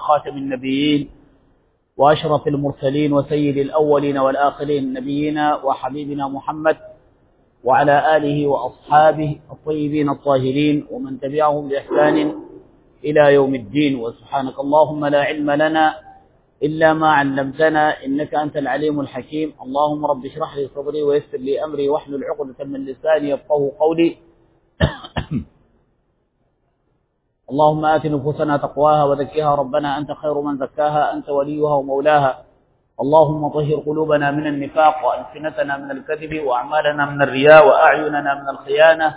خاتم النبيين وأشرف المرسلين وسيد الأولين والآخرين نبينا وحبيبنا محمد وعلى آله وأصحابه الطيبين الطاهرين ومن تبعهم بإحسان إلى يوم الدين وسبحانك اللهم لا علم لنا إلا ما علمتنا إنك أنت العليم الحكيم اللهم رب اشرح لي صدري ويسر لي أمري واحلل عقدة من لساني يفقه قولي اللهم آت نفوسنا تقواها وزكها ربنا أنت خير من زكاها أنت وليها ومولاها اللهم طهر قلوبنا من النفاق وألسنتنا من الكذب وأعمالنا من الرياء وأعيننا من الخيانة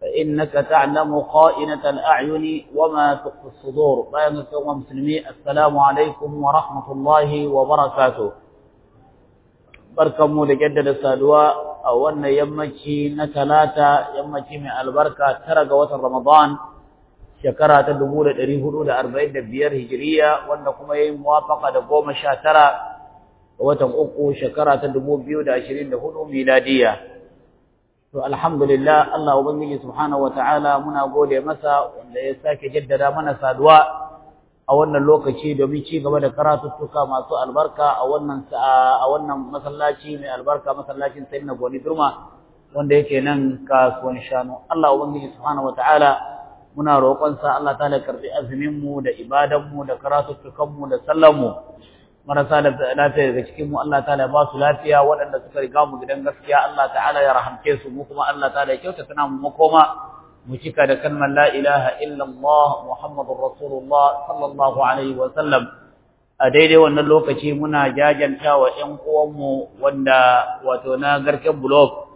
فإنك تعلم خائنة الأعين وما تخفي الصدور بيان الكوم مسلمي السلام عليكم ورحمة الله وبركاته بركة مولى jaddada saduwa a wannan yammaci na talata yammaci mai albarka tara shekara ta 1445 hijiriya wanda kuma yayin muwafaka da 19 watan uku shekara ta 2024 miladiya to alhamdulillah Allah ubangiji subhanahu wataala muna gode masa wanda ya sake jaddada mana saduwa a wannan lokaci domin ci gaba da karatuttuka masu albarka a wannan a wannan masallaci mai albarka masallacin Sayyidina Goni Durma wanda yake nan kasuwan shanu Allah ubangiji subhanahu wataala muna roƙonsa Allah ta karɓi azuminmu da ibadanmu da karatuttukanmu da sallanmu marasa lafiya daga cikinmu Allah ta ba su lafiya waɗanda suka riga mu gidan gaskiya Allah ta'ala ya rahamce su mu kuma Allah ta ya kyauta tana mu makoma mu cika da kalmar la ilaha illallah muhammadur rasulullah sallallahu alaihi wa sallam a daidai wannan lokaci muna jajanta wa ƴan uwanmu wanda wato na garken blog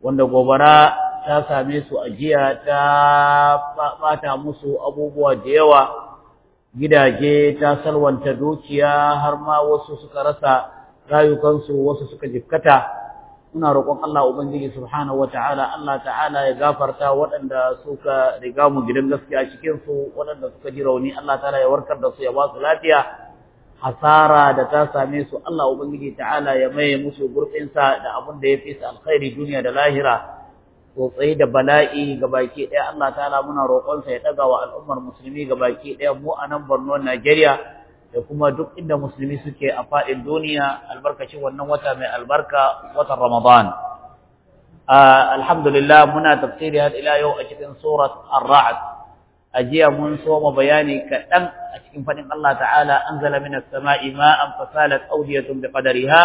wanda gobara ta same su a jiya ta bata musu abubuwa da yawa gidaje ta salwanta dukiya har ma wasu suka rasa rayukansu wasu suka jikkata muna roƙon Allah ubangiji subhanahu wataala Allah ta'ala ya gafarta waɗanda suka riga mu gidan gaskiya cikin su waɗanda suka ji rauni Allah ta'ala ya warkar da su ya ba su lafiya hasara da ta same su Allah ubangiji ta'ala ya maye musu gurbinsa da abin da ya fi su alkhairi duniya da lahira tsotsai da bala'i ga baki ɗaya Allah ta'ala muna roƙonsa ya ɗaga wa al'ummar musulmi ga baki ɗaya mu a nan Borno Najeriya da kuma duk inda musulmi suke a faɗin duniya albarkacin wannan wata mai albarka watan Ramadan. Alhamdulillah muna tafsiri har ila yau a cikin surat Ar-Ra'd. A jiya mun soma bayani kaɗan a cikin faɗin Allah ta'ala an zala minas sama'i ma'an fasalat audiyatun bi qadariha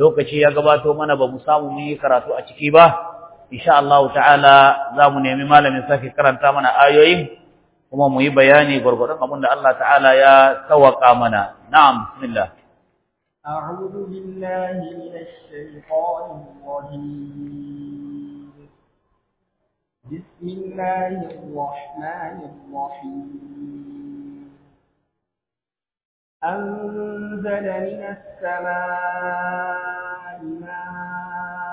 lokaci ya gabato mana ba mu samu mun yi karatu a ciki ba. insha Allah ta'ala za mu nemi malamin sake karanta mana ayoyin kuma mu yi bayani gwargwadon abin Allah ta'ala ya sawaka mana na'am bismillah أعوذ بالله من الشيطان الرجيم بسم الله الرحمن الرحيم أنزل من السماء ماء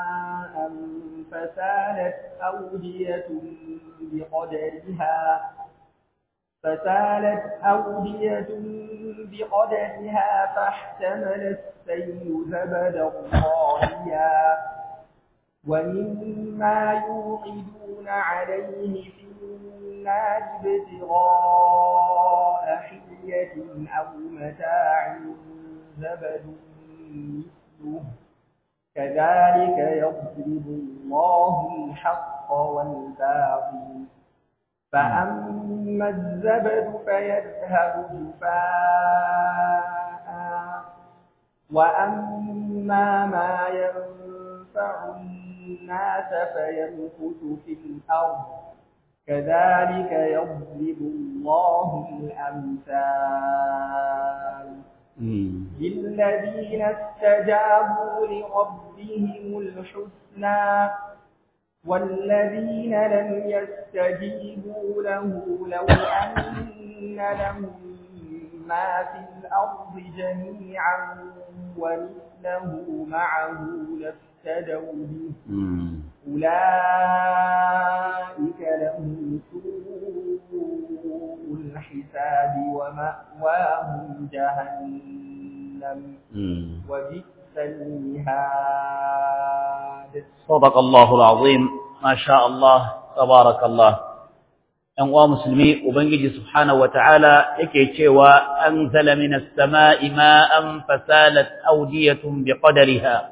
فسالت أودية بقدرها فسالت أودية بقدرها فاحتمل السيل زبدا طاغيا ومما يوقدون عليه في النار ابتغاء حلية أو متاع زبد مثله كذلك يضرب الله الحق والباطل فأما الزبد فيذهب جفاء وأما ما ينفع الناس فيمكث في الأرض كذلك يضرب الله الأمثال للذين استجابوا لربهم الحسنى والذين لم يستجيبوا له لو أن لهم ما في الأرض جميعا ومثله معه لافتدوا به أولئك لهم سوء الحساب ومأواهم جهنم وسلم وبئس المهاد صدق الله العظيم ما شاء الله تبارك الله أن أنواع مسلمي وبنجي سبحانه وتعالى إكيتشي وأنزل من السماء ماء فسالت أودية بقدرها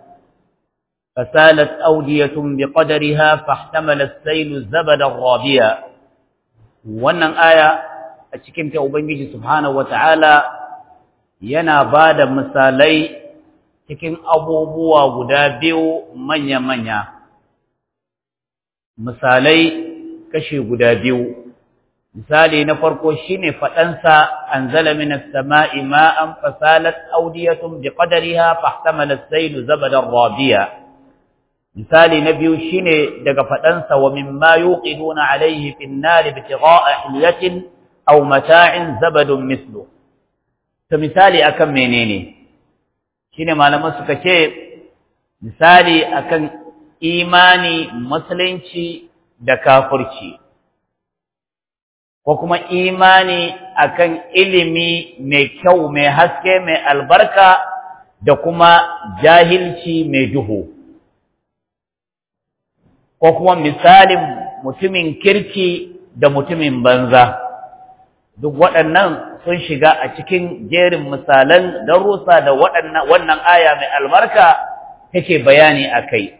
فسالت أودية بقدرها فاحتمل السيل الزبد الرابية وأن آية أتشكمت أبنجي سبحانه وتعالى yana ba da misalai cikin abubuwa guda biyu manya-manya misalai kashi guda biyu misali na farko shine faɗansa anzala minas sama'i ma'an fasalat awdiyatun biqadariha fahtamala as-sayl zabadar rabiya misali na biyu shine daga faɗansa wa mimma yuqiduna alaihi fi an-nar ibtigha'a hilyatin aw mata'in zabadun mislu to misali akan menene shine malaman suka ce misali akan imani musulunci da kafurci, ko kuma imani akan ilimi mai kyau mai haske mai albarka da kuma jahilci mai duhu ko kuma misalin mutumin kirki da mutumin banza duk waɗannan sun shiga a cikin jerin misalan darussa da wannan aya mai albarka take bayani a kai.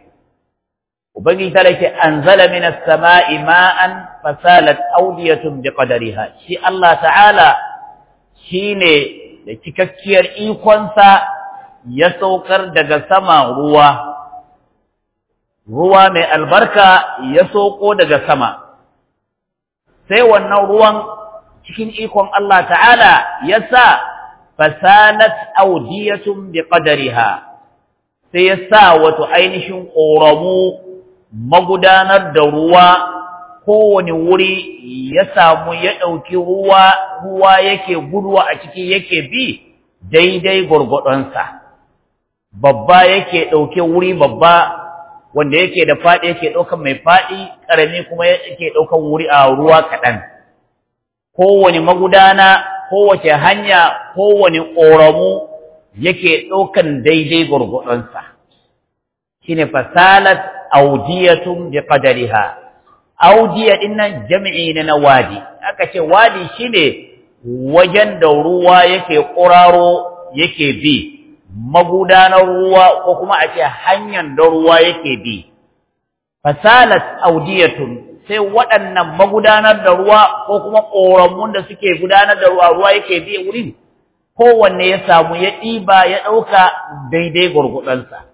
Ubangiji ta lake anzala minas sama'i ma'an fasalat awdiyatun biqadariha shi Allah ta'ala shine da cikakkiyar ikonsa ya saukar daga sama ruwa ruwa mai albarka ya sauko daga sama sai wannan ruwan cikin ikon Allah ta'ala ya yasa fasalat awdiyatun ƙadariha, sai yasa wato ainihin ƙoramu magudanar da ruwa kowane wuri ya samu ya ɗauki ruwa ruwa yake guduwa a ciki yake bi daidai gwargwadonsa babba yake ɗauke wuri babba wanda yake da faɗi yake ɗaukan mai faɗi ƙarami kuma yake ɗaukan wuri a ruwa kaɗan kowane magudana kowace hanya kowane ƙoramu yake ɗaukan daidai gurgudunsa shine fasalat audiyatun bi qadariha audiya nan jami'i ne na wadi aka ce wadi shine wajen da ruwa yake ƙuraro yake bi magudanar ruwa ko kuma a ce hanyar da ruwa yake bi fasalat audiyatun sai waɗannan magudanar da ruwa ko kuma ƙoramun da suke gudanar da ruwa ruwa yake biye wurin kowanne ya samu ya ɗiba ya ɗauka daidai gwargwadonsa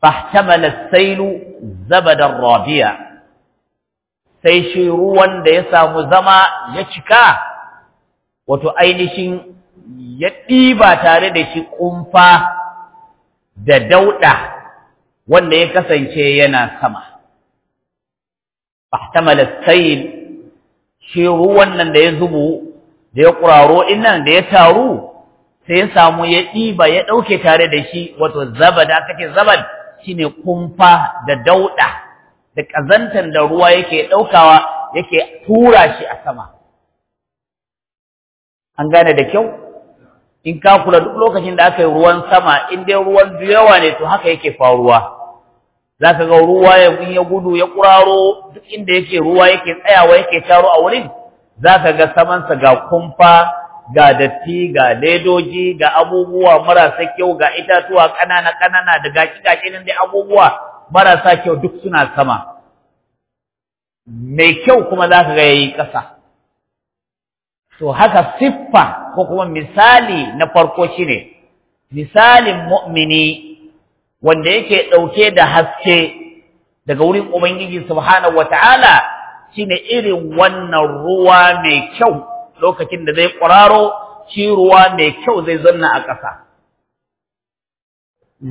fahtamala sailu Zabadar rabiya sai shi ruwan da ya samu zama ya cika wato ainihin ya ɗiba tare da shi ƙumfa da dauɗa wanda ya kasance yana sama fahtamala sayl shi ruwan nan da ya zubu da ya kuraro innan da ya taru sai ya samu ya ɗiba ya ɗauke tare da shi wato zabad aka ce zabad shine kumfa da dauɗa da ƙazantar da ruwa yake ɗaukawa yake tura shi a sama an gane da kyau in ka kula duk lokacin da aka yi ruwan sama in dai ruwan da ne to haka yake faruwa za ka ga ruwa in ya gudu ya kuraro duk inda yake ruwa yake tsayawa yake taro a wurin za ka ga sa ga kumfa ga datti ga ledoji ga abubuwa marasa kyau ga itatuwa ƙanana ƙanana da gaci-gaci nan dai abubuwa marasa kyau duk suna sama mai kyau kuma za ka ga yayi ƙasa to haka siffa ko kuma misali na farko shine misalin mu'mini wanda yake ɗauke da haske daga wurin Ubangiji subhanahu shi shine irin wannan ruwa mai kyau lokacin da zai ƙwararo shi ruwa mai kyau zai zanna a ƙasa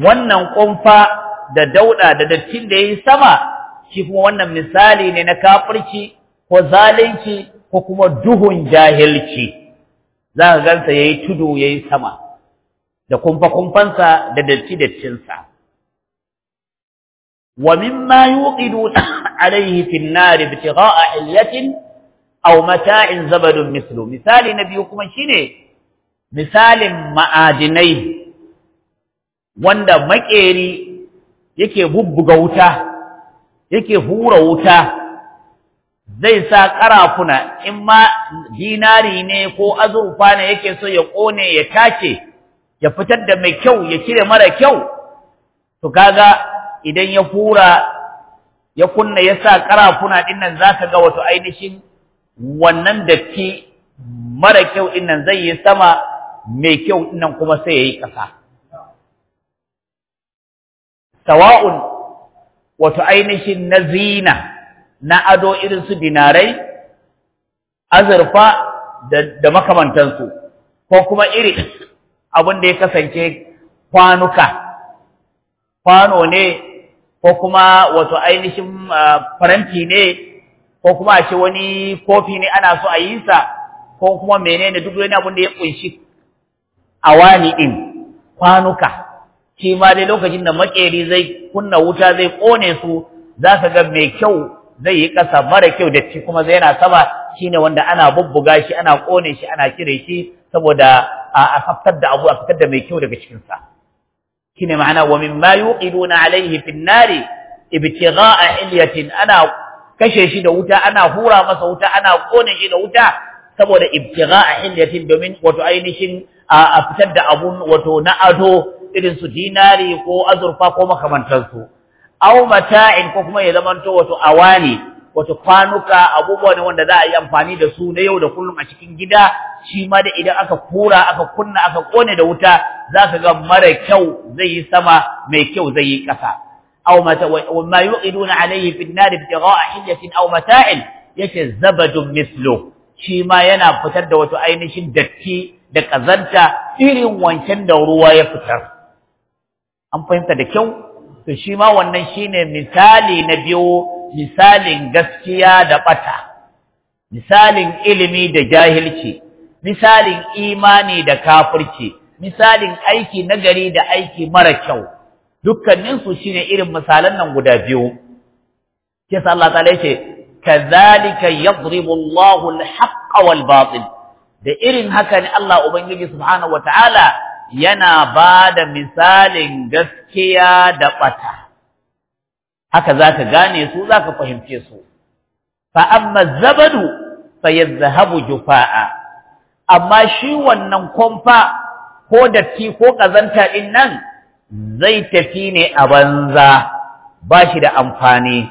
wannan ƙumfa da dauɗa da dattin da ya yi sama shi kuma wannan misali ne na kafirci ko zalunci ko kuma duhun jahilci za ka gansa ya yi tudu ya yi sama da kumfa-kumfansa da datti-dattinsa. ومما يوقدون عليه في النار ابتغاء حلية أو متاع زبد مثله مثال نبيكم شيني مثال معادني wanda maƙeri, yake bubbuga wuta yake hura wuta zai sa karafuna in ma dinari ne ko azurfa ne yake so ya kone ya tace ya fitar da mai kyau ya kire mara kyau to kaga idan ya hura ya kunna ya sa karafuna din nan ka ga wato ainihin wannan datti mara kyau din nan zai yi sama mai kyau din nan kuma sai yayi kasa sawa'un wato ainihin na zina na ado irin su dinarai azurfa da makamantansu ko kuma iri abin da ya kasance kwanuka kwano ne ko kuma wato ainihin ah, faranti ne ko kuma a ce wani kofi ne ana so a yi sa ko kuma menene duk wani abin da ya kunshi wani in kwanuka shi ma dai lokacin da makeri zai kunna wuta zai ƙone su za ka ga mai kyau zai yi ƙasa mara kyau da ci kuma zai yana sama shi ne wanda ana bubbuga shi ana kone shi ana kire shi saboda ah, a haftar da abu a fitar da mai kyau daga cikinsa shine ma'ana wa mimma yuqiduna alaihi finnari, nari ibtigha'a hilyatin ana kashe shi da wuta ana hura masa wuta ana kone shi da wuta saboda ibtigha'a hilyatin domin wato ainihin a fitar da abun wato na ado irin su dinari ko azurfa ko makamantansu aw mata'in ko kuma ya zamanto wato awani wato kwanuka abubuwa ne wanda za a yi amfani da su na yau da kullum a cikin gida shi ma da idan aka kura aka kunna aka kone da wuta zaka ga mara kyau zai yi sama mai kyau zai yi ƙasa aw mata wa ma yuqiduna alayhi fi an-nar ibtigha'a hilyatin aw mata'in yake zabadun mislu shi ma yana fitar da wato ainihin datti da kazanta irin wancan da ruwa ya fitar an fahimta da kyau to shi ma wannan shine misali na biyo misalin gaskiya da bata misalin ilimi da jahilci misalin imani da kafirci misalin aiki nagari da aiki mara kyau dukkaninsu shine irin misalan nan guda biyu kisa Allah ta'ala yace kadhalika yadribu Allahu al-haqqa wal batil da irin haka ne Allah ubangiji subhanahu wataala yana da misalin gaskiya da bata haka zaka gane su zaka fahimce su fa amma zabadu fayadhhabu jufaa amma shi wannan kwamfa ko datti ko ƙazanta ɗin nan zai tafi ne a banza ba shi da amfani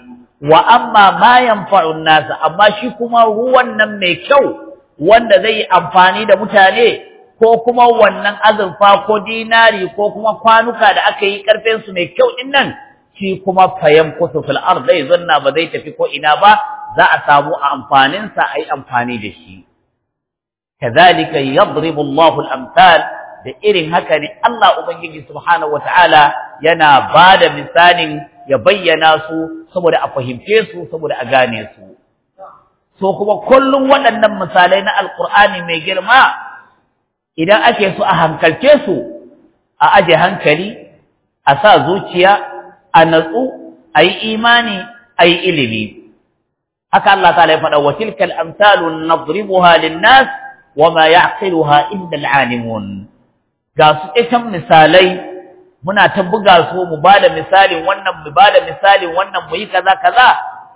wa amma ma yanfa'un nasa amma shi kuma ruwan nan mai kyau wanda zai yi amfani da mutane ko kuma wannan azurfa ko dinari ko kuma kwanuka da aka yi karfin mai kyau din nan shi kuma fayan kusa fil zai zanna ba zai tafi ko ina ba za a samu amfanin sa ai amfani da shi kadhalika yadribu Allahu al-amthal da irin haka ne Allah ubangiji subhanahu wataala yana bada misalin ya bayyana su saboda a fahimce su saboda a gane su so kuma kullum waɗannan misalai na alqur'ani mai girma idan ake so a hankalce su a aje hankali a sa zuciya a natsu a yi imani a yi ilimi haka Allah ta ya faɗa wa tilkal amsalu nadribuha halin nas وما يعقلها إلا العالمون ga su ikan misalai muna ta buga su mu bada misalin wannan mu bada misalin wannan mu yi kaza kaza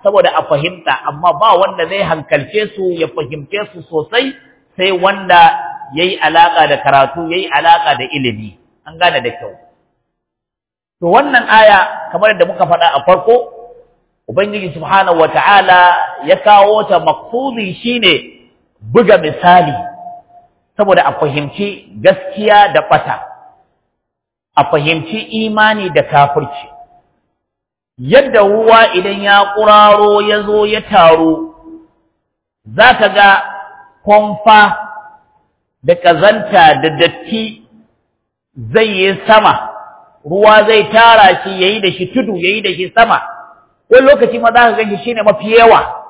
saboda a fahimta amma ba wanda zai hankalce su ya fahimce su sosai sai wanda yayi alaka da karatu yayi alaka da ilimi an gane da kyau to wannan aya kamar da muka faɗa a farko ubangiji subhanahu wataala ya kawo ta maqsudi shine buga misali saboda a fahimci gaskiya da ɓata, a fahimci imani da kafirci. Yadda ruwa idan ya ƙuraro ya zo ya taru, za ka ga kwamfa da ƙazanta da datti zai yi sama, ruwa zai tara shi ya yi da shi tudu ya yi da shi sama, wani lokaci ma za ka gan shi ne mafi yawa,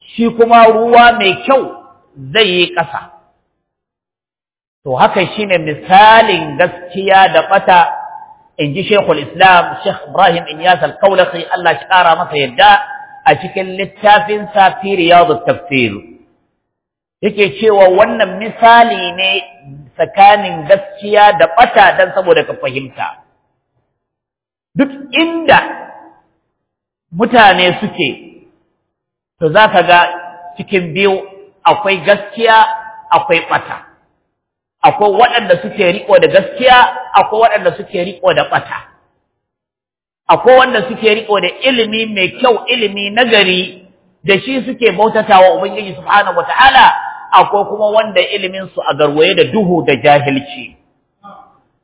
shi kuma ruwa mai kyau zai yi ƙasa. to haka shine misalin gaskiya da bata in ji Sheikhul Islam Sheikh Ibrahim Inyas Al-Kaulahi Allah shi kara masa yadda a cikin littafin sa fi Riyadut Tafsir yake cewa wannan misali ne tsakanin gaskiya da bata dan saboda ka fahimta duk inda mutane suke to zaka ga cikin biyu akwai gaskiya akwai bata akwai waɗanda suke riƙo da gaskiya akwai waɗanda suke riƙo da ɓata akwai wanda suke riƙo da ilimi mai kyau ilimi nagari da shi suke bautata wa ubangiji subhanahu wataala akwai kuma wanda iliminsu a garwaye da duhu da jahilci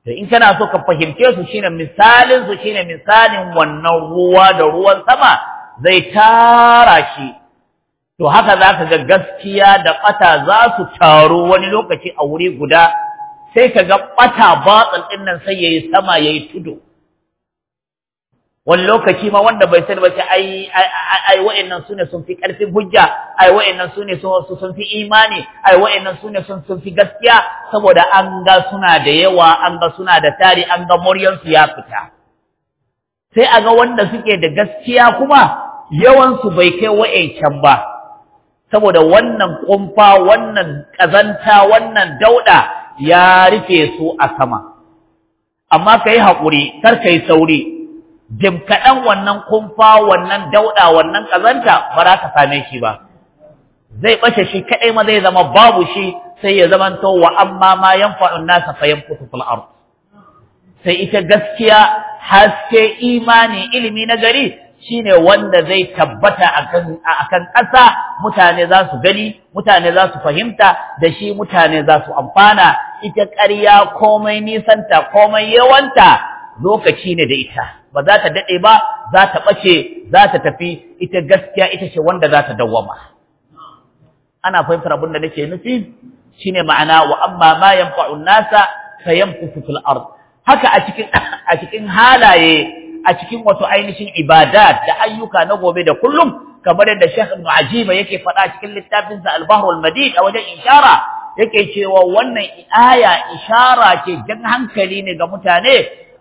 to in kana so ka fahimce su shine misalin su shine misalin wannan ruwa da ruwan sama zai tara shi to haka za ka ga gaskiya da ɓata za su taru wani lokaci a wuri guda sai ka ga ɓata batsin ɗin nan sai ya yi sama ya yi tudu wani lokaci ma wanda bai sani ba ce ai nan su ne sun fi ƙarfin hujja ai su ne sun fi imani ai nan su sun sun fi gaskiya saboda an ga suna da yawa an ga suna da tari an ga muryansu ya fita sai a ga wanda suke da gaskiya kuma yawansu bai kai can ba saboda wannan kumfa wannan kazanta wannan dauda ya rufe su a sama amma kai hakuri kar kai sauri jim kadan wannan kumfa wannan dauda wannan kazanta ba za ka same shi ba zai bace shi kadai ma zai zama babu shi sai ya zaman to wa amma ma yanfa'un nasa fa yanfutu fil ard sai ita gaskiya haske imani ilimi na gari shine wanda zai tabbata a akan ƙasa mutane za su gani mutane za su fahimta da shi mutane za su amfana ita ƙarya komai nisanta komai yawanta lokaci ne da ita ba za ta daɗe ba za ta ɓace za ta tafi ita gaskiya ita ce wanda za ta dawwama ana fahimtar abin da nake nufi shine ma'ana wa amma ma yanfa'un nasa sayan fil haka a cikin halaye a cikin wato ainihin ibadat da ayyuka na gobe da kullum kamar yadda Sheikh Mu'ajiba yake faɗa cikin littafinsa Al-Bahr al-Madid a wajen ishara yake cewa wannan aya ishara ce jan hankali ne ga mutane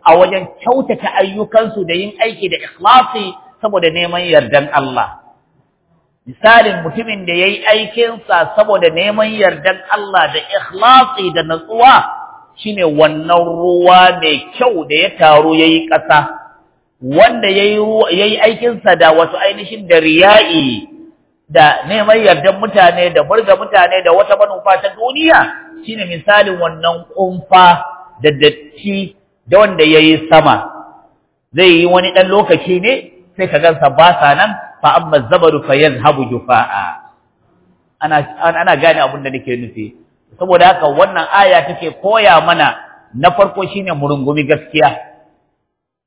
a wajen kyautata ayyukansu da yin aiki da ikhlasi saboda neman yardan Allah misalin mutumin da yayi aikinsa saboda neman yardan Allah da ikhlasi da natsuwa shine wannan ruwa mai kyau da ya taru yayi ƙasa wanda ya yi aikinsa da wasu ainihin da riya'i da neman yardan mutane da burga mutane da wata manufa ta duniya shine misalin wannan kumfa da datti da wanda ya yi sama zai yi wani ɗan lokaci ne sai ka gansa ba sa nan fa amma zabaru fa yazhabu jufa'a ana ana gane abin da nake nufi saboda haka wannan aya take koya mana na farko shine murungumi gaskiya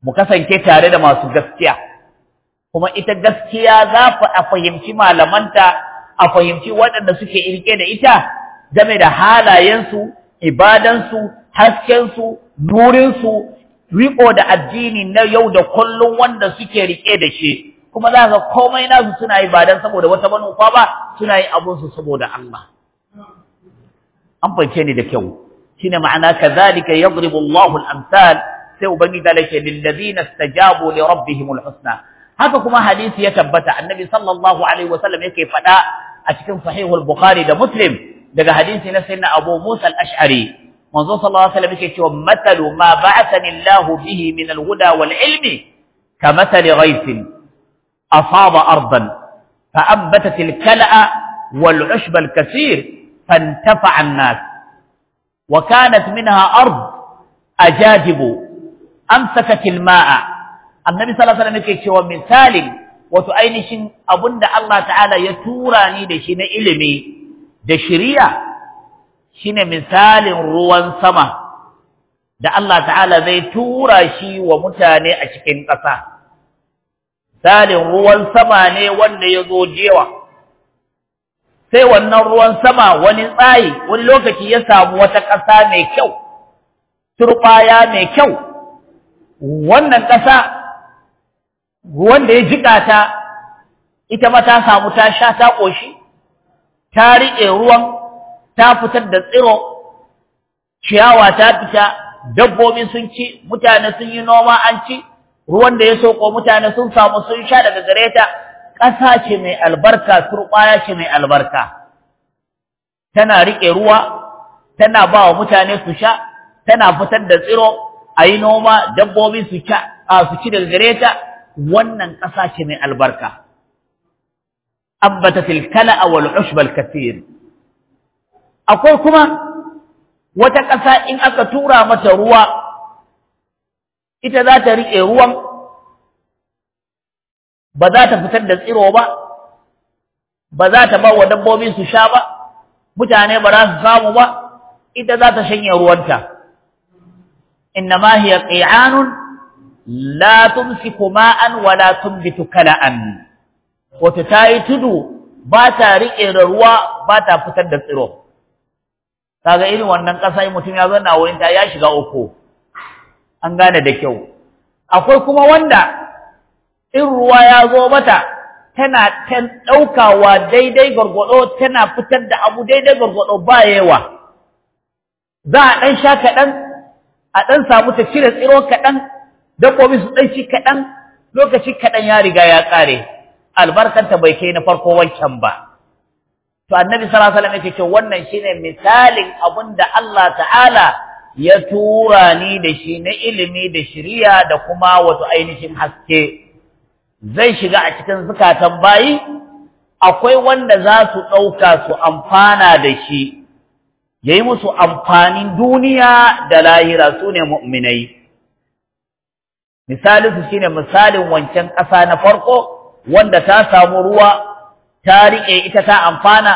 mu kasance tare da masu gaskiya kuma ita gaskiya za fa a fahimci malamanta a fahimci waɗanda suke irke da ita game da halayensu ibadansu haskensu nurinsu riko da addini na yau da kullum wanda suke rike da shi kuma za ka komai nasu suna yi ba saboda wata manufa ba suna yi abunsu saboda Allah an fahimce ni da kyau shine ma'ana kadhalika yadribu Allahu al-amsal sai ubangiji da yake lillazina istajabu li rabbihimul husna haka kuma hadisi ya tabbata annabi sallallahu alaihi wasallam yake fada a cikin sahihul bukhari da muslim daga hadisi na sayyidina abu musa al-ash'ari manzo sallallahu alaihi wasallam yake cewa matalu ma ba'athani allah bihi min al-huda wal ilmi kamathali ghaythin asaba ardan فأنبتت الكلأ والعشب الكثير فانتفع الناس وكانت منها أرض أجاجب amsakat alma'a annabi sallallahu alaihi wasallam yake cewa misalin wato ainihin abunda Allah ta'ala ya tura ni da shi na ilimi da shari'a shine misalin ruwan sama da Allah ta'ala zai tura shi wa mutane a cikin ƙasa misalin ruwan sama ne wanda ya zo jewa sai wannan ruwan sama wani tsayi wani lokaci ya samu wata ƙasa mai kyau turɓaya mai kyau wannan ƙasa wanda ya jiƙa ta ita ma ta samu ta sha ta ƙoshi ta riƙe ruwan ta fitar da tsiro ciyawa ta fita dabbobi sun ci mutane sun yi noma an ci ruwan da ya soko mutane sun samu sun sha daga gare ta ƙasa ce mai albarka turɓaya ce mai albarka tana riƙe ruwa tana ba wa mutane su sha tana fitar da tsiro a yi noma dabbobi su ci daga gare ta wannan ƙasa ce mai albarka abbata filkala a wal ushbal akwai kuma wata ƙasa in aka tura mata ruwa ita za ta riƙe ruwan ba za ta fitar da tsiro ba ba za ta ba wa dabbobi su sha ba mutane ba za su samu ba ita za ta shanye ruwanta innama hiya qi'anun la tumsiku ma'an wa la tumbitu kala'an wato ta yi tudu ba ta riƙe da ruwa ba ta fitar da tsiro kaga irin wannan ƙasa mutum ya zanna wurin ta ya shiga uku an gane da kyau akwai kuma wanda in ruwa ya zo mata tana ɗaukawa daidai gwargwado tana fitar da abu daidai gwargwado ba yawa za a ɗan sha kaɗan a ɗan samu ta cire tsiro kaɗan dabbobi su ɗan kaɗan lokaci kaɗan ya riga ya ƙare albarkanta bai kai na farko wancan ba to annabi sallallahu alaihi wasallam yake ce wannan shine misalin abin da Allah ta'ala ya tura ni da shi na ilimi da shiriya da kuma wato ainihin haske zai shiga a cikin zukatan bayi akwai wanda za su ɗauka su amfana da shi ya yi musu amfanin duniya da lahira su ne mu'minai misalinsu shi ne misalin wancan ƙasa na farko wanda ta samu ruwa ta riƙe ita ta amfana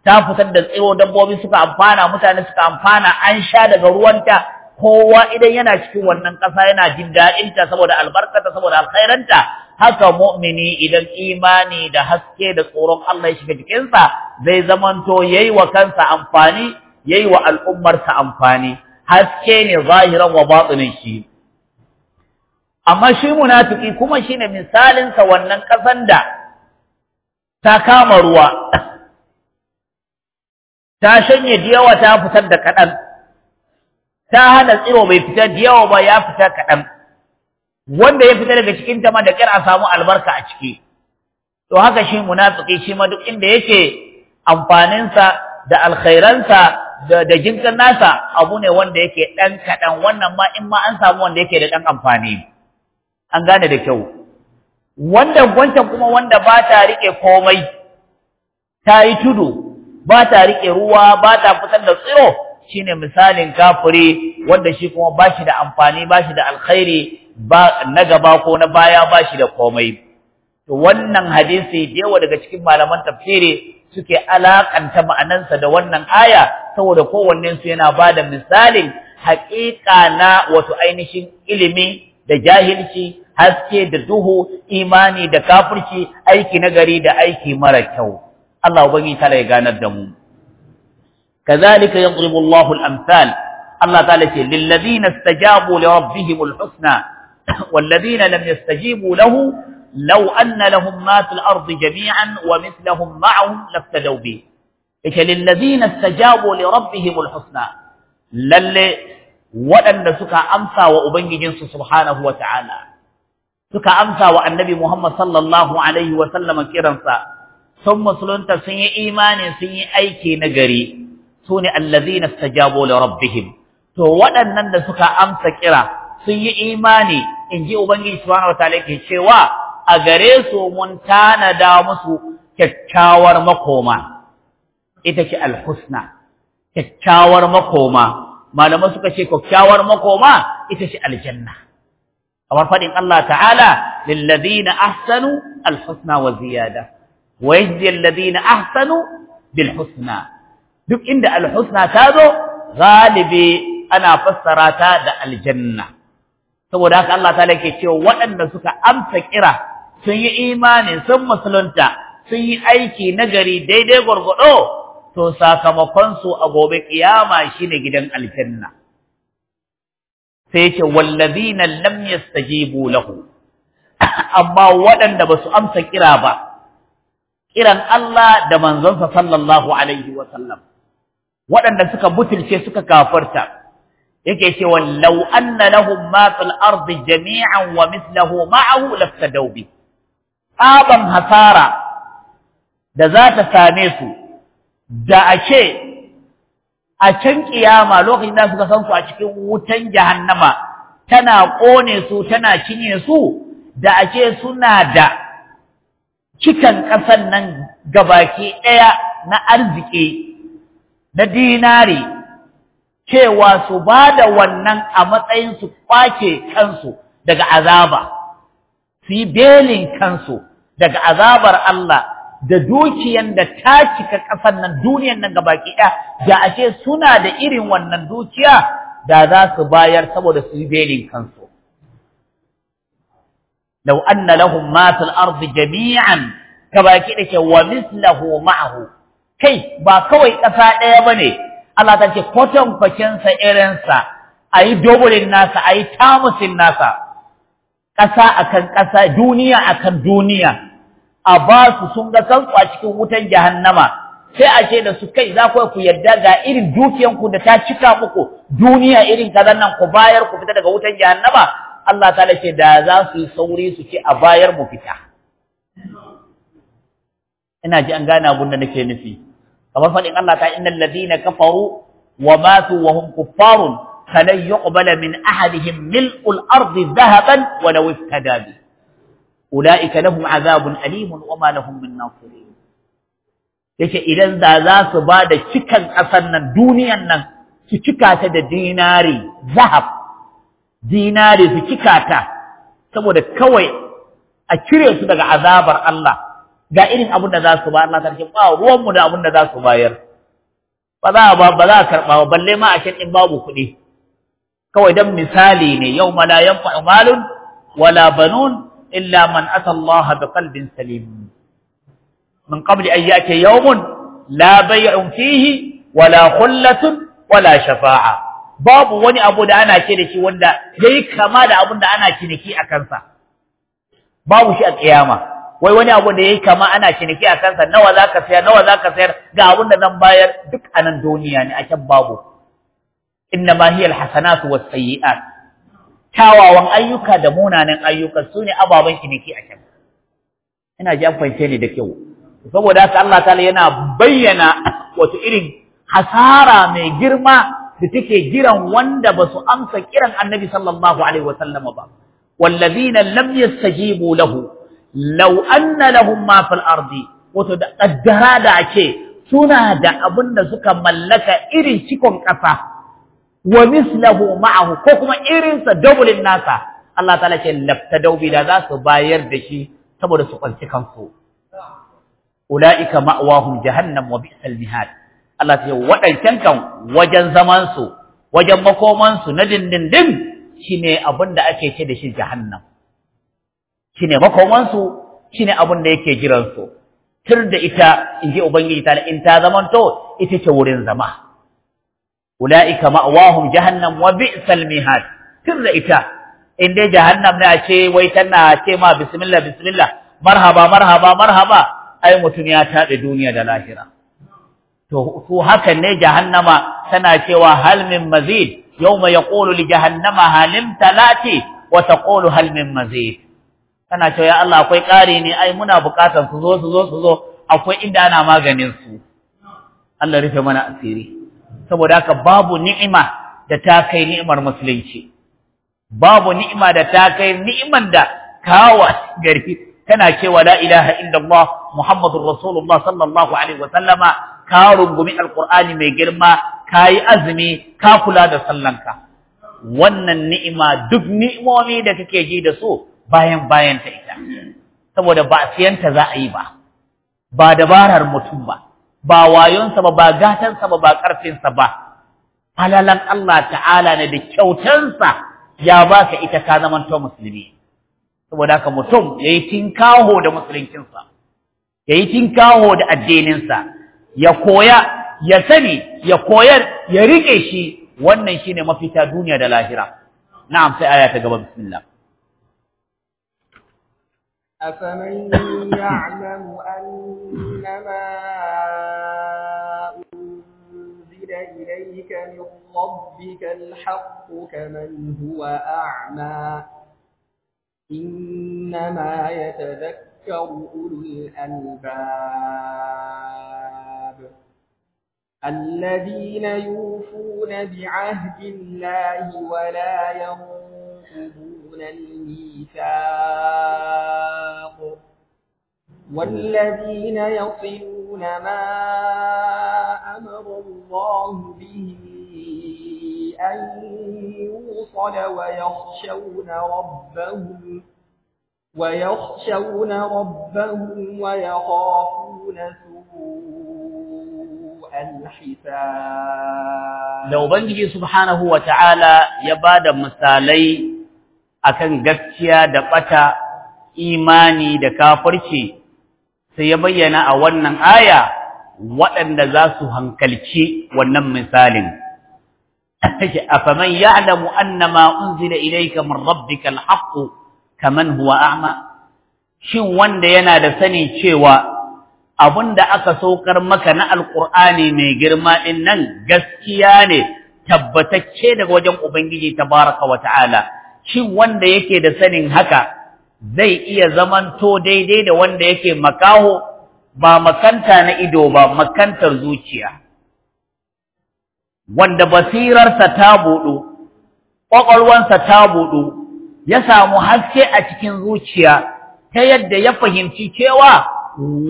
ta fitar da tsiro dabbobi suka amfana mutane suka amfana an sha daga ruwanta kowa idan yana cikin wannan ƙasa yana jin daɗinta saboda albarkata saboda alkhairanta haka mu'mini idan imani da haske da tsoron Allah ya shiga jikinsa zai zamanto yayi wa kansa amfani yayi wa al'ummarsa amfani haske ne zahiran wa batinin shi amma shi munafiki kuma shine misalin sa wannan kasan da ta kama ruwa ta shanye diyawa ta fitar da kadan ta hana tsiro bai fita diyawa ba ya fita kaɗan. wanda ya fita daga cikin ta ma da kyar a samu albarka a ciki to haka shi munafiki shi ma duk inda yake amfaninsa da alkhairansa da jinkan nasa abu ne wanda yake ɗan kaɗan wannan ma in ma an samu wanda yake da ɗan amfani an gane da kyau wanda gwantan kuma wanda ba ta riƙe komai ta yi tudu ba ta riƙe ruwa ba ta fitar da tsiro shine misalin kafuri wanda shi kuma ba shi da amfani ba shi da alkhairi ba na gaba ko na baya ba shi da komai to wannan hadisi da yawa daga cikin malaman tafsiri suke alakanta ma'anansa da wannan aya saboda kowannen su yana bada misalin haƙiƙa na wato ainihin ilimi da jahilci haske da duhu imani da kafirci aiki nagari da aiki mara kyau Allah ubangi ta ya ganar da mu kazalika yadribu Allahu al-amsal Allah ta'ala ce lil ladina istajabu li rabbihim al-husna wal ladina lam yastajibu lahu law anna lahum ma fil ardi jami'an wa mithlahum ma'ahum laftadaw bihi yace lillazina istajabu li rabbihimul husna lalle waɗanda suka amsa wa ubangijinsu subhanahu wata'ala suka amsa wa annabi Muhammad sallallahu alaihi wa sallam kiransa sun musulunta sun yi imani sun yi aiki na gari sune allazina istajabu li rabbihim to waɗannan da suka amsa kira sun yi imani inji ubangiji subhanahu wata'ala ke cewa a gare su mun tanada musu kyakkyawar makoma ita ce alhusna kyakkyawar makoma malaman suka ce kyakkyawar makoma ita ce aljanna kamar fadin Allah ta'ala lilladina ladina ahsanu alhusna wa ziyada wa yajzi alladhina ahsanu bil husna duk inda alhusna ta zo galibi ana fassara ta da aljanna saboda haka Allah ta'ala yake cewa waɗanda suka amsa kira sun yi imani sun musulunta sun yi aiki nagari daidai gwargwado to sakamakonsu a gobe ƙiyama shi ne gidan aljanna. Sai ce, wallazina lam yastajibu lahu, amma waɗanda ba su amsa kira ba, kiran Allah da manzonsa sallallahu Alaihi sallam, waɗanda suka butulce suka kafarta, yake cewa lau anna lahum ma fil ardi jami'an wa mislahu ma'ahu laftadau bi. Tsaban hasara da za ta same su da ake a can kiyama lokacin da suka san su a cikin wutan jahannama tana kone su tana cinye su da ake suna da cikan ƙasan nan gabaki ɗaya na arziki na dinari cewa su ba da wannan a matsayin su kwace kansu daga azaba su yi belin kansu daga azabar Allah da dukiyan da ta cika ƙasar nan duniyan nan gabaki ɗaya da ce suna da irin wannan dukiya da za su bayar saboda su yi belin kansu law anna na ma fil jami'an gabaki dake wa mislahu ma'ahu kai ba kawai ƙasa ɗaya bane Allah ta ce kwatan kwacin sa irin sa ayi dobulin nasa ayi tamusin nasa ƙasa akan ƙasa duniya akan duniya a ba su sun ga kansu a cikin wutan jahannama sai a ce da su kai za ku ku yarda ga irin dukiyanku da ta cika muku duniya irin kazan nan ku bayar ku fita daga wutan jahannama Allah ta ce da za su yi sauri su ce a bayar mu fita ina ji an gane abin da nake nufi kamar faɗin Allah ta innal ladina kafaru wa matu wa hum kuffarun falan yuqbala min ahadihim mil'ul ardi dhahaban wa law iftada ulaika lahum azabun alimun wa lahum min nasirin yake idan da za su ba da cikan ƙasar nan duniyan nan su cika ta da dinari zahab dinari su cika ta saboda kawai a cire su daga azabar Allah ga irin abin da za su ba Allah sarki ba ruwanmu da abin da za su bayar ba za a ba za a karɓa ba balle ma a shan in babu kuɗi kawai dan misali ne yau ma la malun wala banun إلا من أتى الله بقلب سليم من قبل أن يأتي يوم لا بيع فيه ولا خلة ولا شفاعة babu wani abu da ana ce da shi wanda yayi kama da abun da ana ciniki a kansa babu shi a kiyama wai wani abu da yayi kama ana ciniki a kansa nawa zaka sayar nawa zaka sayar ga abun da zan bayar duk anan duniya ne a can babu inna ma hiya alhasanatu was sayyi'at kyawawan ayyuka da munanan ayyuka su ne ababen ciniki a can ina ji an ni da kyau saboda haka Allah ta'ala yana bayyana wato irin hasara mai girma da take jiran wanda ba su amsa kiran annabi sallallahu alaihi wa sallama ba wallazina lam yastajibu lahu law anna lahum ma fil ardi wato da kaddara da ake suna da abin da suka mallaka irin cikon ƙasa. wa mislahu ma'ahu ko kuma irinsa dabulin nasa Allah ta'ala ce lafta daubi da za su bayar da shi saboda su kwanci kansu ulaika ma'wahum jahannam wa bi'sal mihad Allah ta ce waɗancan kan wajen zaman su wajen makoman su na dindindin shine abin da ake ce da shi jahannam shine makoman su shine abin da yake jiran su tur da ita inji ubangiji ta'ala in ta zamanto ita ce wurin zama ulaika ma'wahum jahannam wa bi'sal mihad da ita in dai jahannam ne a ce wai tana ce ma bismillah bismillah marhaba marhaba marhaba ai mutum ya tabe duniya da lahira to su hakan ne jahannama tana cewa hal min mazid yawma yaqulu li jahannama halim talati wa taqulu hal min mazid kana cewa ya Allah akwai ƙari ne ai muna buƙatar su zo su zo su zo akwai inda ana maganin su Allah rufe mana asiri saboda haka babu ni'ima da ta kai ni'imar musulunci babu ni'ima da ta kai ni'iman da kawa gari tana cewa la ilaha illallah muhammadur rasulullah sallallahu alaihi wa sallama ka rungumi alqur'ani mai girma kayi azumi ka kula da sallanka wannan ni'ima duk ni'imomi da kake ji da su bayan bayan ta ita saboda ba siyanta za a yi ba ba dabarar mutum ba ba wayonsa ba ba gatansa ba ba ƙarfinsa ba Alalan Allah ta'ala ne da kyautansa ya ba ka ita ka to musulmi saboda haka mutum yayi tinkaho da musuluncinsa yayi tinkaho da addininsa ya koya ya sani ya koyar ya riƙe shi wannan shine mafita duniya da lahira na'am sai aya ta gaba bismillah أفمن يعلم أن إنما أنزل إليك من ربك الحق كمن هو أعمى إنما يتذكر أولو الألباب الذين يوفون بعهد الله ولا ينقضون الميثاق والذين يصلون ما أمر الله به أن يوصل ويخشون ربهم ويخشون ربهم ويخافون سوء الحساب لو بنجي سبحانه وتعالى يبادى مثالي أكن gaskiya da إيماني imani sai ya bayyana a wannan aya waɗanda za su hankalci wannan misalin afaman ya'lamu zina unzila ilayka min rabbika alhaq kaman huwa a'ma shin wanda yana da sani cewa da aka saukar maka na alqur'ani mai girma din nan gaskiya ne tabbatacce daga wajen ubangiji tabaraka wa ta'ala shin wanda yake da sanin haka zai iya zamanto daidai da wanda yake makaho ba makanta na ido ba makantar zuciya wanda basirarsa ta buɗu ƙwaƙwalwansa ta buɗu ya samu haske a cikin zuciya ta yadda ya fahimci cewa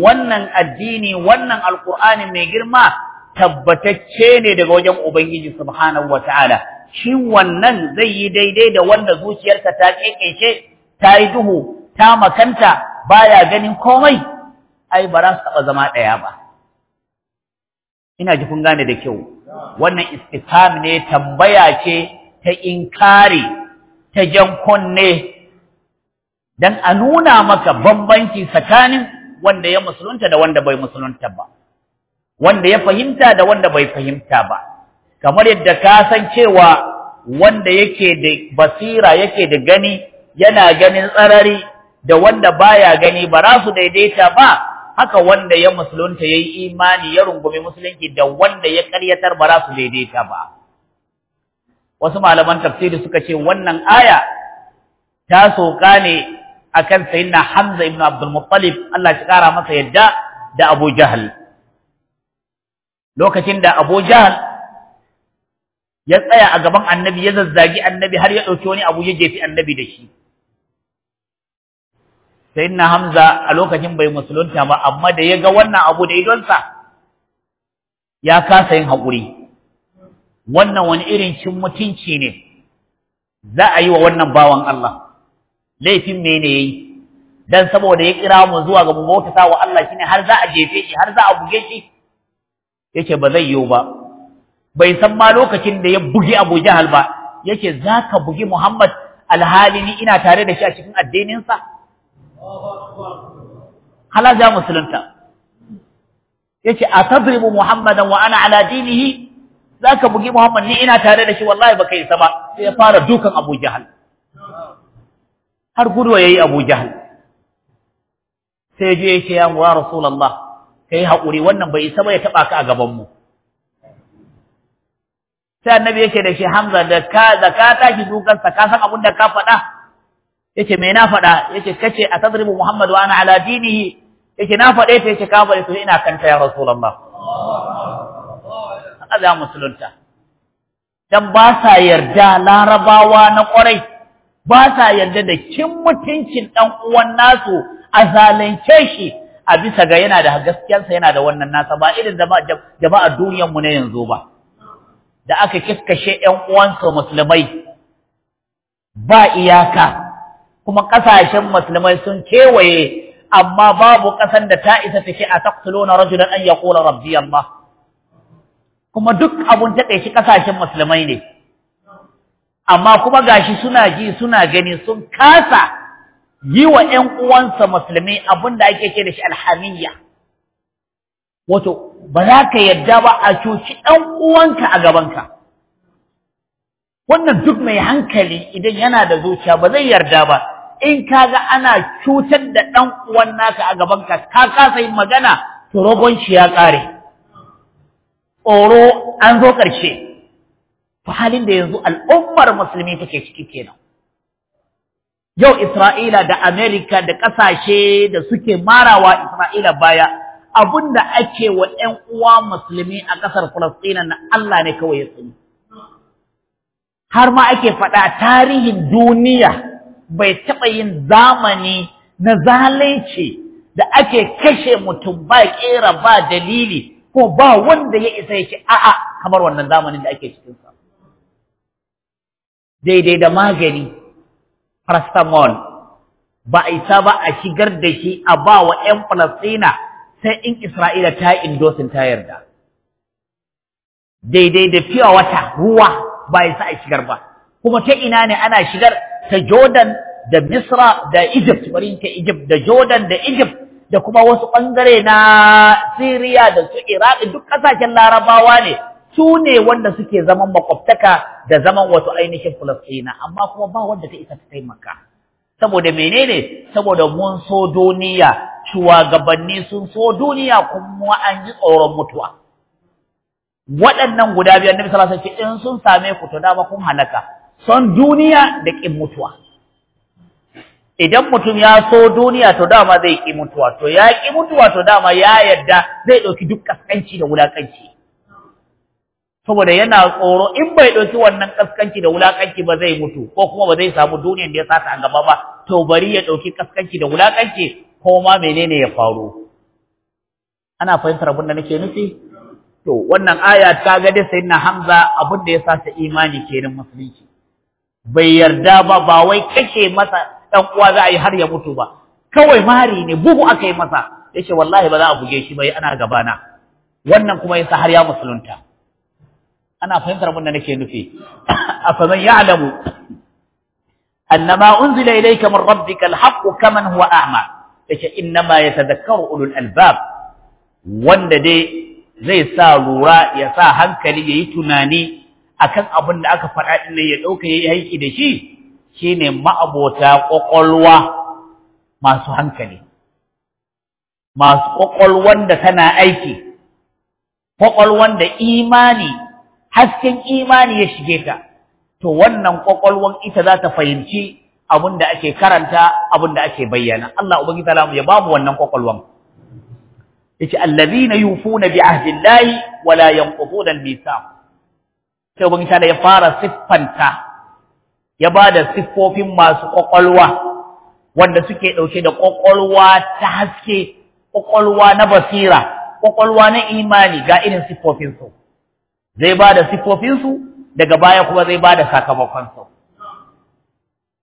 wannan addini wannan alƙur'ani mai girma tabbatacce ne daga wajen ubangiji subhanahu wataala Shin wannan zai yi daidai da wanda zuciyarsa ta kekece ta yi duhu ta makanta ba ya ganin komai ai ba za su taɓa zama ɗaya ba ina ji kun gane da kyau wannan istifam ne tambaya ce ta inkari ta jan kunne dan a nuna maka bambanci tsakanin wanda ya musulunta da wanda bai musulunta ba wanda ya fahimta da wanda bai fahimta ba kamar yadda ka san cewa wanda yake da basira yake da gani yana ganin tsarari da wanda baya gani ba rasu daidaita ba haka wanda ya musulunta ya yi imani ya rungumi musulunci da wanda ya karyatar ba rasu daidaita ba wasu malaman tafsiri suka ce wannan aya ta soka ne akan sayyidina Hamza ibn Abdul Muttalib Allah ya kara masa yadda da Abu Jahl lokacin da Abu Jahl ya tsaya a gaban annabi ya zazzagi annabi har ya dauki wani abu ya jefi annabi da shi na hamza a lokacin bai musulunta ba amma da ya ga wannan abu da idonsa ya kasa yin haƙuri wannan wani irin cin mutunci ne za a yi wa wannan bawan Allah laifin me mene yayi dan saboda ya kira mu zuwa ga mu wa Allah shine har za a jefe shi har za a buge shi yake ba zai yiwu ba bai san ma lokacin da ya bugi Abu Jahal ba yake zaka bugi Muhammad alhali ni ina tare da shi a cikin addininsa hala ya musulunta yace atadribu muhammadan wa ana ala dinihi zaka bugi muhammad ni ina tare da shi wallahi baka yi sama sai ya fara dukan abu jahal har gudu yayi abu jahal sai ya ce ya wa rasulullah kai hakuri wannan bai isa ba ya taba ka a gaban mu sai annabi yake da shi hamza da ka zakata ki dukan sa ka san abin da ka faɗa Yake me na faɗa yake kace atadribu muhammad wa ana ala dinihi yake na faɗe ta yake ka to ina kanta ya rasulullah haka za musulunta dan ba sa yarda larabawa na kwarai, ba sa yarda da kin mutuncin dan uwan nasu a zalunce shi a bisa ga yana da gaskiyarsa yana da wannan nasa ba irin jama'a duniyar mu ne yanzu ba da aka kiskashe ƴan uwansa musulmai ba iyaka kuma kasashen musulmai sun kewaye amma babu kasan da ta isa take a taqtuluna rajulan an yaqula rabbi Allah kuma duk abun ta kai shi kasashen musulmai ne amma kuma gashi suna ji suna gani sun kasa yi wa ƴan uwansa musulmi abun da ake ce da shi alhamiyya wato ba za ka yadda ba a cuci ɗan uwanka a gabanka wannan duk mai hankali idan yana da zuciya ba zai yarda ba in ka ga ana cutar da ɗan uwan naka a gaban ka kasa yin magana su rogon shi ya ƙare tsoro an zo ƙarshe ta halin da yanzu al'ummar musulmi take ciki kenan yau Isra'ila da Amerika da ƙasashe da suke marawa Isra'ila baya abin da ake wa ‘yan uwa musulmi a ƙasar Falasɗina na Allah ne kawai ya tsini. Har ma ake faɗa tarihin duniya bai taɓa yin zamani na zalunci da ake kashe mutum ba ƙera ba dalili ko ba wanda ya isa ya ce a'a kamar wannan zamanin da ake cikinsa. Daidai da magani, paracetamol, ba a isa ba a shigar da shi a ba wa ‘yan Falasina sai in Isra'ila ta yi indosin ta yarda. Daidai da fiye wata ruwa ba isa a shigar ba, kuma ta ina ne ana shigar ta Jordan da Misra da Egypt bari ta Egypt da Jordan da Egypt da kuma wasu bangare na Syria da su Iraq duk kasashen Larabawa ne su ne wanda suke zaman makwabtaka da zaman wasu ainihin Palestina amma kuma ba wanda ta isa ta taimaka saboda menene saboda mun so duniya shugabanni sun so duniya kuma an ji tsoron mutuwa waɗannan guda biyar na sallallahu alaihi in sun same ku to dama kun halaka son duniya da ƙin mutuwa idan mutum ya so duniya to dama zai ƙi mutuwa to ya ƙi mutuwa to dama ya yadda zai ɗauki duk ƙasƙanci da wulaƙanci saboda yana tsoro in bai ɗauki wannan ƙasƙanci da wulaƙanci ba zai mutu ko kuma ba zai samu duniyan da ya sata a gaba ba to bari ya ɗauki ƙasƙanci da wulaƙanci ko ma menene ya faru ana fahimtar abin da nake nufi to wannan aya ta ga dai sayyidina Hamza abin da ya sa ta imani kenan musulunci bai yarda ba ba wai kake masa ɗan uwa za a yi har ya mutu ba kawai mari ne bugu aka yi masa yace wallahi ba za a buge shi ba ana gabana wannan kuma yasa har ya musulunta ana fahimtar abin da nake nufi afaman ya'lamu annama unzila ilayka min rabbika alhaqqu kaman huwa a'ma yace innama yatadhakkaru ulul albab wanda dai zai sa lura ya sa hankali yayi tunani akan abin da aka faɗa din ya ɗauka ya yi aiki da shi shine ma'abota ƙwaƙwalwa masu hankali masu ƙwaƙwalwan da tana aiki ƙwaƙwalwan da imani hasken imani ya shige ta to wannan ƙwaƙwalwan ita za ta fahimci abin da ake karanta abin da ake bayyana Allah ubangiji ta ya babu wannan kokolwan yace allazina yufuna bi ahdillahi wala yanquduna al-mithaq sai sha ta ya fara siffanta ya ba da siffofin masu ƙwaƙwalwa wanda suke ɗauke da ƙwaƙwalwa ta haske ƙwaƙwalwa na basira ƙwaƙwalwa na imani ga irin siffofinsu zai ba da siffofinsu daga baya kuma zai ba da sakamakonsu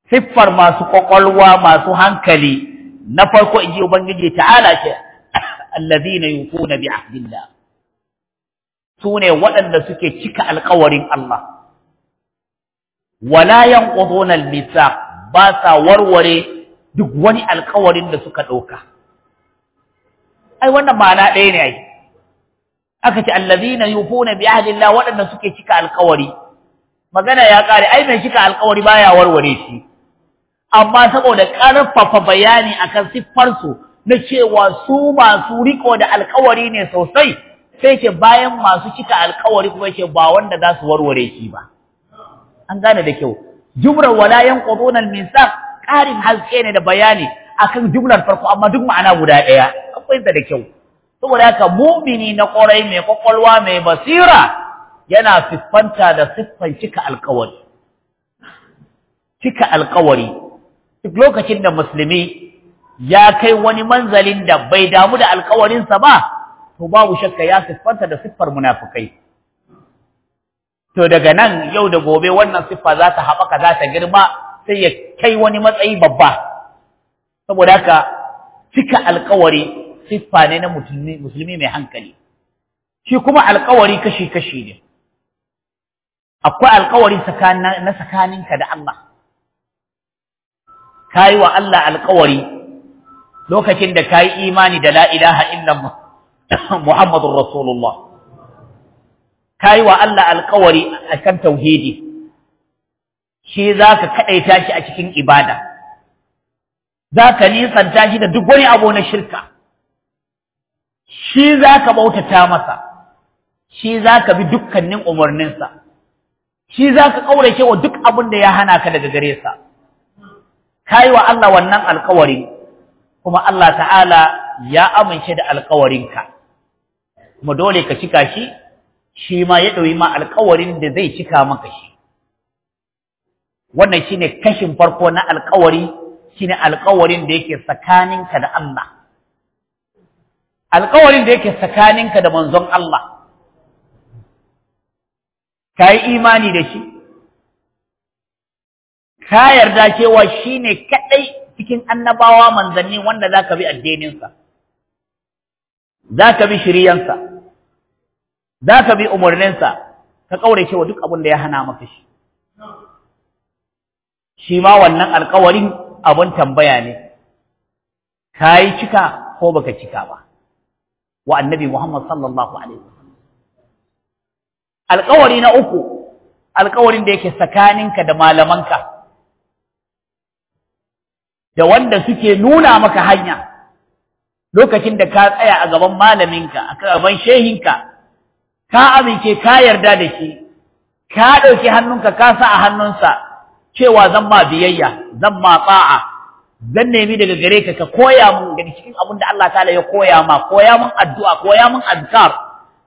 siffar masu ƙwaƙwalwa masu hankali na farko in ji ubangiji ta'ala ce allazina yuquna bi ahdillah su ne waɗanda suke cika alkawarin Allah wala 'yan al lisa ba sa warware duk wani alkawarin da suka ɗauka ai wannan ma'ana ɗaya ne ai aka ce yi yufuna biya halilla waɗanda suke cika alkawari magana ya ƙare ai mai cika alkawari ya warware shi amma saboda ƙarfafa bayani a kan siffarsu na cewa su masu riko da alkawari ne sosai sai ce bayan masu cika alkawari kuma ce ba wanda za su warware shi ba an gane da kyau jumlar wala yanquduna al ƙarin haske ne da bayani akan jumlar farko amma duk ma'ana guda ɗaya an fahimta da kyau saboda haka mumini na ƙwarai mai ƙwaƙwalwa mai basira yana siffanta da siffan cika alkawari cika alkawari duk lokacin da musulmi ya kai wani manzalin da bai damu da alkawarinsa ba to babu shakka ya siffanta da siffar munafukai to daga nan yau da gobe wannan siffa za ta haɓaka za ta girma sai ya kai wani matsayi babba saboda haka cika alkawari siffa ne na musulmi mai hankali shi kuma alkawari kashi-kashi ne akwai alkawari na tsakaninka da Allah ka yi wa Allah alkawari lokacin da ka yi imani da la'ilaha ilaha illallah Muhammadun Rasulullah kai wa Allah alkawari akan tauhidi shi zaka kadaita shi a cikin ibada zaka nisanta shi da duk wani abu na shirka shi zaka bautata masa shi zaka bi dukkanin umarninsa shi zaka kaurace wa duk abun da ya hana ka daga gare sa kai wa Allah wannan alkawari kuma Allah ta'ala ya amince da alkawarinka kuma dole ka cika shi shi ma ya ɗauyi ma alkawarin da zai cika maka shi wannan shine kashin farko na alkawari shine alkawarin da yake tsakaninka da Allah alkawarin da yake tsakaninka da manzon Allah ka yi imani da shi ka yarda cewa shine kaɗai cikin annabawa manzanni wanda za ka bi addininsa za ka bi shiryansa za ka bi umarninsa ka ƙaure cewa duk abin da ya hana maka shi shi ma wannan alkawarin abin tambaya ne ka yi cika ko baka cika ba wa annabi Muhammad sallallahu alaihi wasallam alkawari na uku alkawarin da yake tsakaninka da malamanka da wanda suke nuna maka hanya lokacin da ka tsaya a gaban malaminka a gaban shehinka ka amince ka yarda da shi ka ɗauki hannunka ka sa a hannunsa cewa zan ma biyayya zan ma ba'a zan nemi daga gare ka ka koya mun daga cikin abin da Allah ta'ala ya koya ma koya mun addu'a koya mun azkar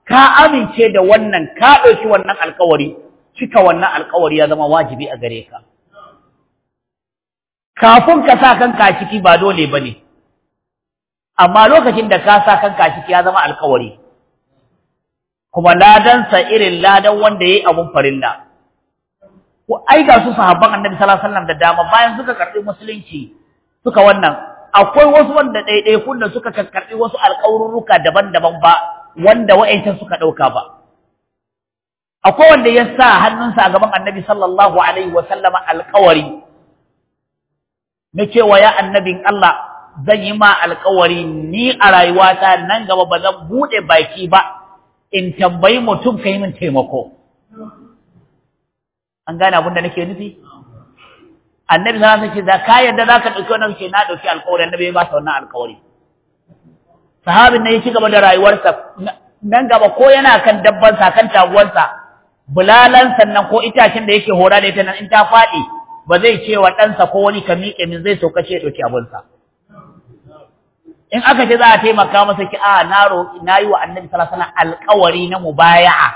ka amince da wannan ka ɗauki wannan alkawari cika wannan alkawari ya zama wajibi a gare ka kafin ka sa kanka ciki ba dole bane amma lokacin da ka sa kanka ciki ya zama alkawari kuma ladan sa irin ladan wanda yayi abun farilla ko ai ga su sahabban annabi sallallahu alaihi wasallam da dama bayan suka karbi musulunci suka wannan akwai wasu wanda daidai da suka karbi wasu alƙawurruka daban-daban ba wanda wa'ancan suka dauka ba akwai wanda ya sa hannunsa a gaban annabi sallallahu alaihi wasallama alƙawari na cewa ya annabin Allah zan yi ma alkawari ni a rayuwata nan gaba ba zan buɗe baki ba in tambayi mutum ka yi min taimako an gane abin da nake nufi annabi sallallahu alaihi ce, za ka yadda za ka ɗauki wannan ce na ɗauki alƙawari annabi ya ba sa wannan alƙawari sahabin nan ya ci gaba da rayuwarsa nan gaba ko yana kan dabbansa kan taguwarsa bulalan sannan ko itacen da yake hora da ita nan in ta faɗi ba zai ce wa ɗansa ko wani ka miƙe min zai sauka ce ya ɗauki abinsa. in aka ce za a taimaka masa ki a ah, na roƙi na yi wa annabi sallallahu alaihi alƙawari na mubaya'a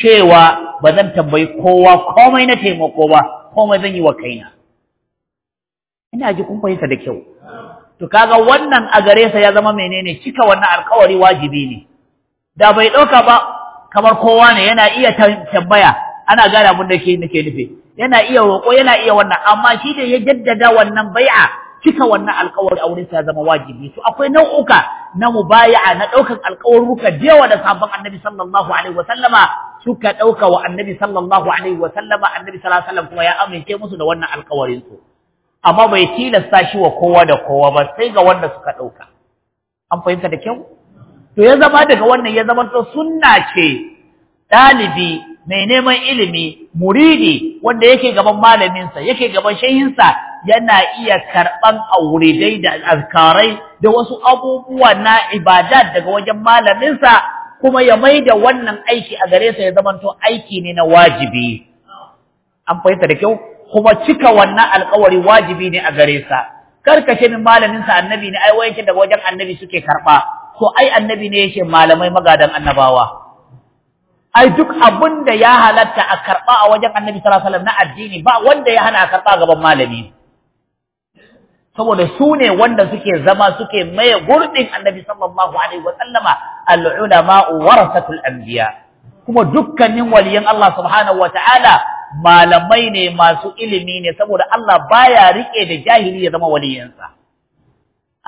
cewa ba zan tambayi kowa komai na taimako ba komai zan yi wa kaina ina ji kun fahimta da kyau to kaga wannan a gare sa ya zama menene cika wannan alƙawari wajibi ne da bai ɗauka ba kamar kowa ne yana iya tambaya ana gane abin da ke nake nufi yana iya roƙo yana iya wannan amma shi da ya jaddada wannan bai'a cika wannan alƙawari a wurin sa zama wajibi to akwai nau'uka na mubaya'a na ɗaukan alkawaruka da da sabon annabi sallallahu alaihi wa sallama suka ɗauka wa annabi sallallahu alaihi wa sallama annabi sallallahu alaihi kuma ya amince musu da wannan alƙawarin su amma bai tilasta shi wa kowa da kowa ba sai ga wanda suka ɗauka an fahimta da kyau to ya zama daga wannan ya zama to sunna ce ɗalibi mai neman ilimi muridi wanda yake gaban malaminsa yake gaban shehinsa yana iya karɓan dai da azkarai da wasu abubuwa na ibada daga wajen malaminsa kuma ya mai da wannan aiki a gare sa ya zamanto aiki ne na wajibi an fahimta da kyau kuma cika wannan alkawari wajibi ne a gare sa karkace min malamin sa annabi ne ai wayake daga wajen annabi suke karɓa to ai annabi ne yake malamai magadan annabawa ai duk abin da ya halatta a karba a wajen annabi sallallahu alaihi wasallam na addini ba wanda ya hana karba gaban malami saboda su ne wanda suke zama suke maye gurbin annabi sallallahu alaihi wa sallama al-ulama warasatul anbiya kuma dukkanin waliyan Allah subhanahu wa ta'ala malamai ne masu ilimi ne saboda Allah baya rike da jahili ya zama waliyansa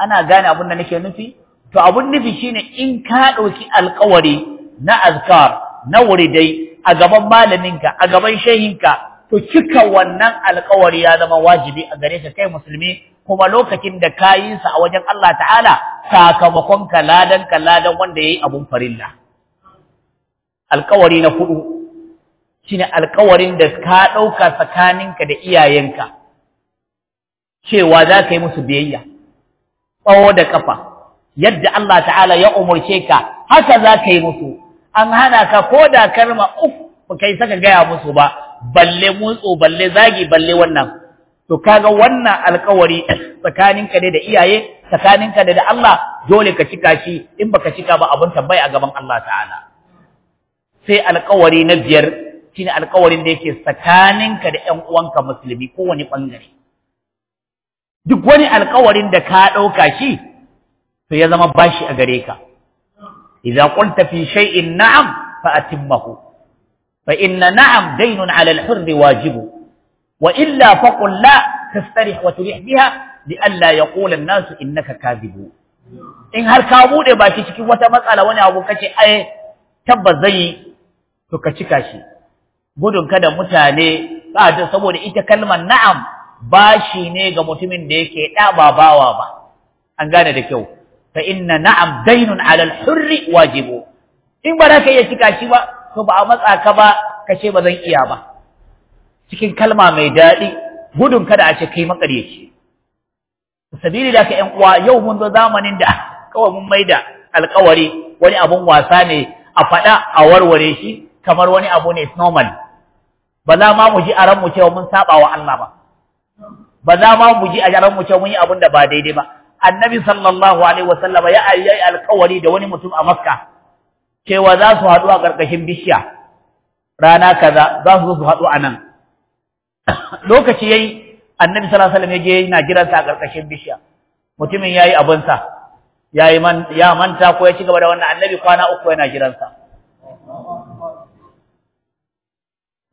ana gane abin da nake nufi to abin nufi shine in ka dauki alƙawari na azkar na wuridai a gaban malaminka a gaban shehinka to cika wannan alkawari ya zama wajibi a gare ka kai musulmi kuma lokacin da ka yi sa a wajen Allah ta'ala sakamakon ka ladan ka ladan wanda yayi abun farilla alkawari na hudu shine alkawarin da ka dauka tsakaninka da iyayenka cewa za ka yi musu biyayya tsawo da kafa yadda Allah ta'ala ya umurce ka haka za ka yi musu an hana ka ko da kalma uku kai saka gaya musu ba balle mutso balle zagi balle wannan to kaga wannan alƙawari tsakaninka ne da iyaye tsakaninka ne da Allah dole ka cika shi in baka cika ba abun tambaya a gaban Allah ta'ala sai alƙawari na biyar shine alƙawarin da yake tsakaninka da ƴan uwanka musulmi kowane bangare duk wani alƙawarin da ka ɗauka shi to ya zama bashi a gare ka idza qulta fi shay'in na'am fa atimmahu فإن نعم دين على الحر واجب وإلا فقل لا تسترح وتريح بها لئلا يقول الناس إنك كاذب in har ka bude baki cikin wata matsala wani abu kace ai zai to ka cika shi gudun kada mutane ba saboda ita kalmar na'am bashi ne ga mutumin da yake ɗababawa ba an gane da kyau fa inna na'am dainun 'ala al-hurri wajibu in ba ka iya cika shi ba to ba a matsa ka ba ka ce ba zan iya ba cikin kalma mai daɗi gudun kada a ce kai makaryaci sabili da ka ƴan uwa yau mun zo zamanin da kawai mun maida alƙawari wani abun wasa ne a faɗa a warware shi kamar wani abu ne normal ba za ma mu ji a ranmu cewa mun saba wa Allah ba ba za ma mu ji a ranmu cewa mun yi abun da ba daidai ba annabi sallallahu alaihi wasallama ya yi alƙawari da wani mutum a makka cewa za su haɗu a ƙarƙashin bishiya rana kaza za su zo su haɗu a nan lokaci yi annabi sallallahu alaihi wasallam ya je yana jiransa a ƙarƙashin bishiya mutumin ya abinsa yayi sa, ya manta ko ya ci gaba da wannan annabi kwana uku yana jiransa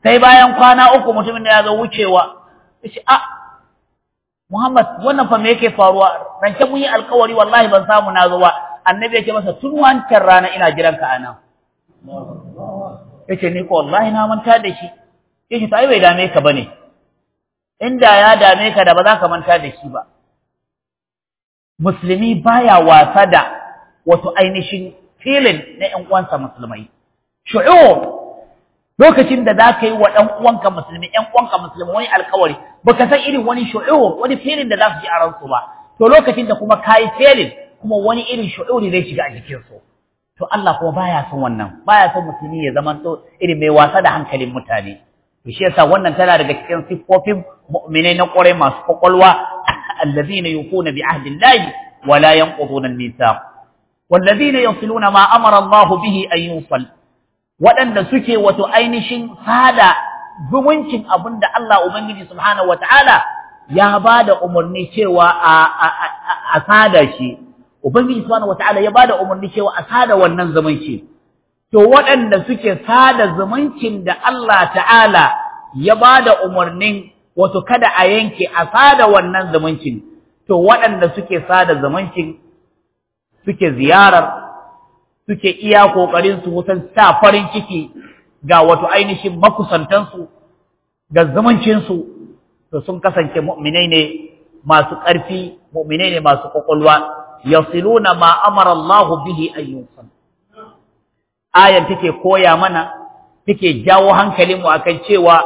sai bayan kwana uku mutumin da ya zo wucewa ce a ah, Muhammad wannan fa me yake faruwa rance mun yi alƙawari wallahi ban samu na zo ba annabi yake masa tun wancan rana ina jiran ka anan yake ni ko wallahi na manta da shi yake to ai bai dame ka bane inda ya dame ka da ba za ka manta da shi ba musulmi baya wasa da wato ainihin filin na ƴan uwansa musulmai shu'u lokacin da za ka yi wa ɗan uwanka musulmi ƴan uwanka musulmi wani alkawari baka san irin wani shu'u wani filin da za su ji a ransu ba to lokacin da kuma ka yi filin kuma wani irin shu'uri zai shiga a jikin su to Allah kuma baya son wannan baya son musulmi ya zama to irin mai wasa da hankalin mutane to shi yasa wannan tana daga cikin siffofin mu'minai na ƙwarai masu kwakwalwa alladhina yuquna bi ahdillahi wa la yanquduna al-mithaq والذين يصلون ما أمر الله bihi أن يوصل waɗanda suke wato ainihin sada zumuncin abin da Allah Ubangiji Subhanahu wata'ala ya ba da umarni cewa a sada shi, ubangiji subhanahu wataala ya bada umarni cewa a sada wannan zamanci to waɗanda suke sada zamancin da Allah ta'ala ya bada umarnin wato kada a yanke a sada wannan zamancin, to waɗanda suke sada zamancin suke ziyarar suke iya kokarin su wutan sa farin ciki ga wato ainihin makusantansu ga zamancinsu, to sun kasance mu'minai ne masu ƙarfi mu'minai ne masu ƙwaƙwalwa yasiluna ma amara Allah bihi a ayan take koya mana take jawo hankalinmu akan cewa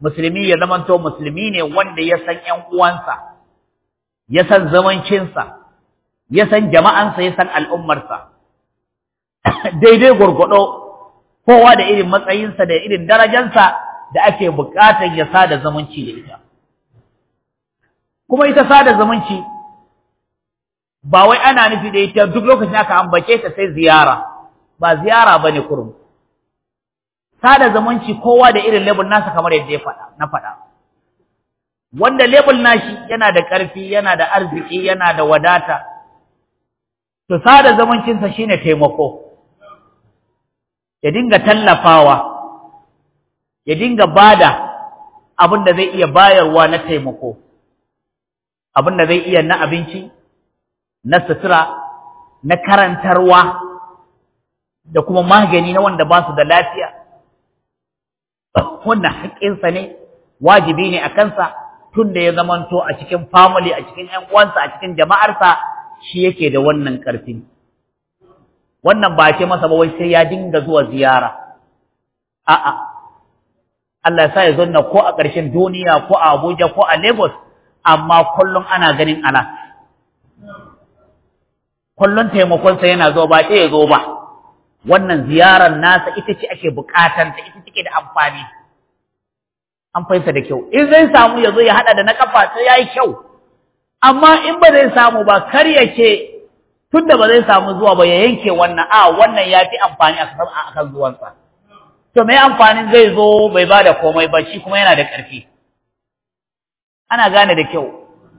musulmi ya zamanto musulmi ne wanda ya san ƴan uwansa ya san zamancinsa ya san jama'ansa ya san al'ummarsa daidai gurgudo kowa da irin matsayinsa da irin darajansa da ake bukatar ya sada zamanci da ita kuma ita sada zamanci. ba wai ana nufi da ita duk lokacin aka ambace ta sai ziyara ba ziyara bane kurum sada zamanci kowa da irin label nasa kamar yadda ya faɗa na faɗa wanda label nashi yana da ƙarfi yana da arziki yana da wadata to sada zamancinsa shine taimako ya dinga tallafawa ya dinga bada abin da zai iya bayarwa na taimako abin da zai iya na abinci na sutura na karantarwa da kuma magani na wanda ba su da lafiya wannan haƙƙinsa ne wajibi ne a kansa tun da ya zamanto a cikin family a cikin 'yan uwansa a cikin jama'arsa shi yake da wannan ƙarfi wannan ba ce masa ba wai sai ya dinga zuwa ziyara a'a Allah ya sa ya zo ko a ƙarshen duniya ko a Abuja ko a Lagos amma kullum ana ganin ana kullun taimakonsa yana zo ba ke zo ba wannan ziyarar nasa ita ce ake bukatanta ita take da amfani an fahimta da kyau in zai samu ya zo ya haɗa da na kafa sai yayi kyau amma in ba zai samu ba kar ya tun tunda ba zai samu zuwa ba ya yanke wannan a wannan ya fi amfani a kan zuwansa to mai amfanin zai zo bai ba da komai ba shi kuma yana da ƙarfi ana gane da kyau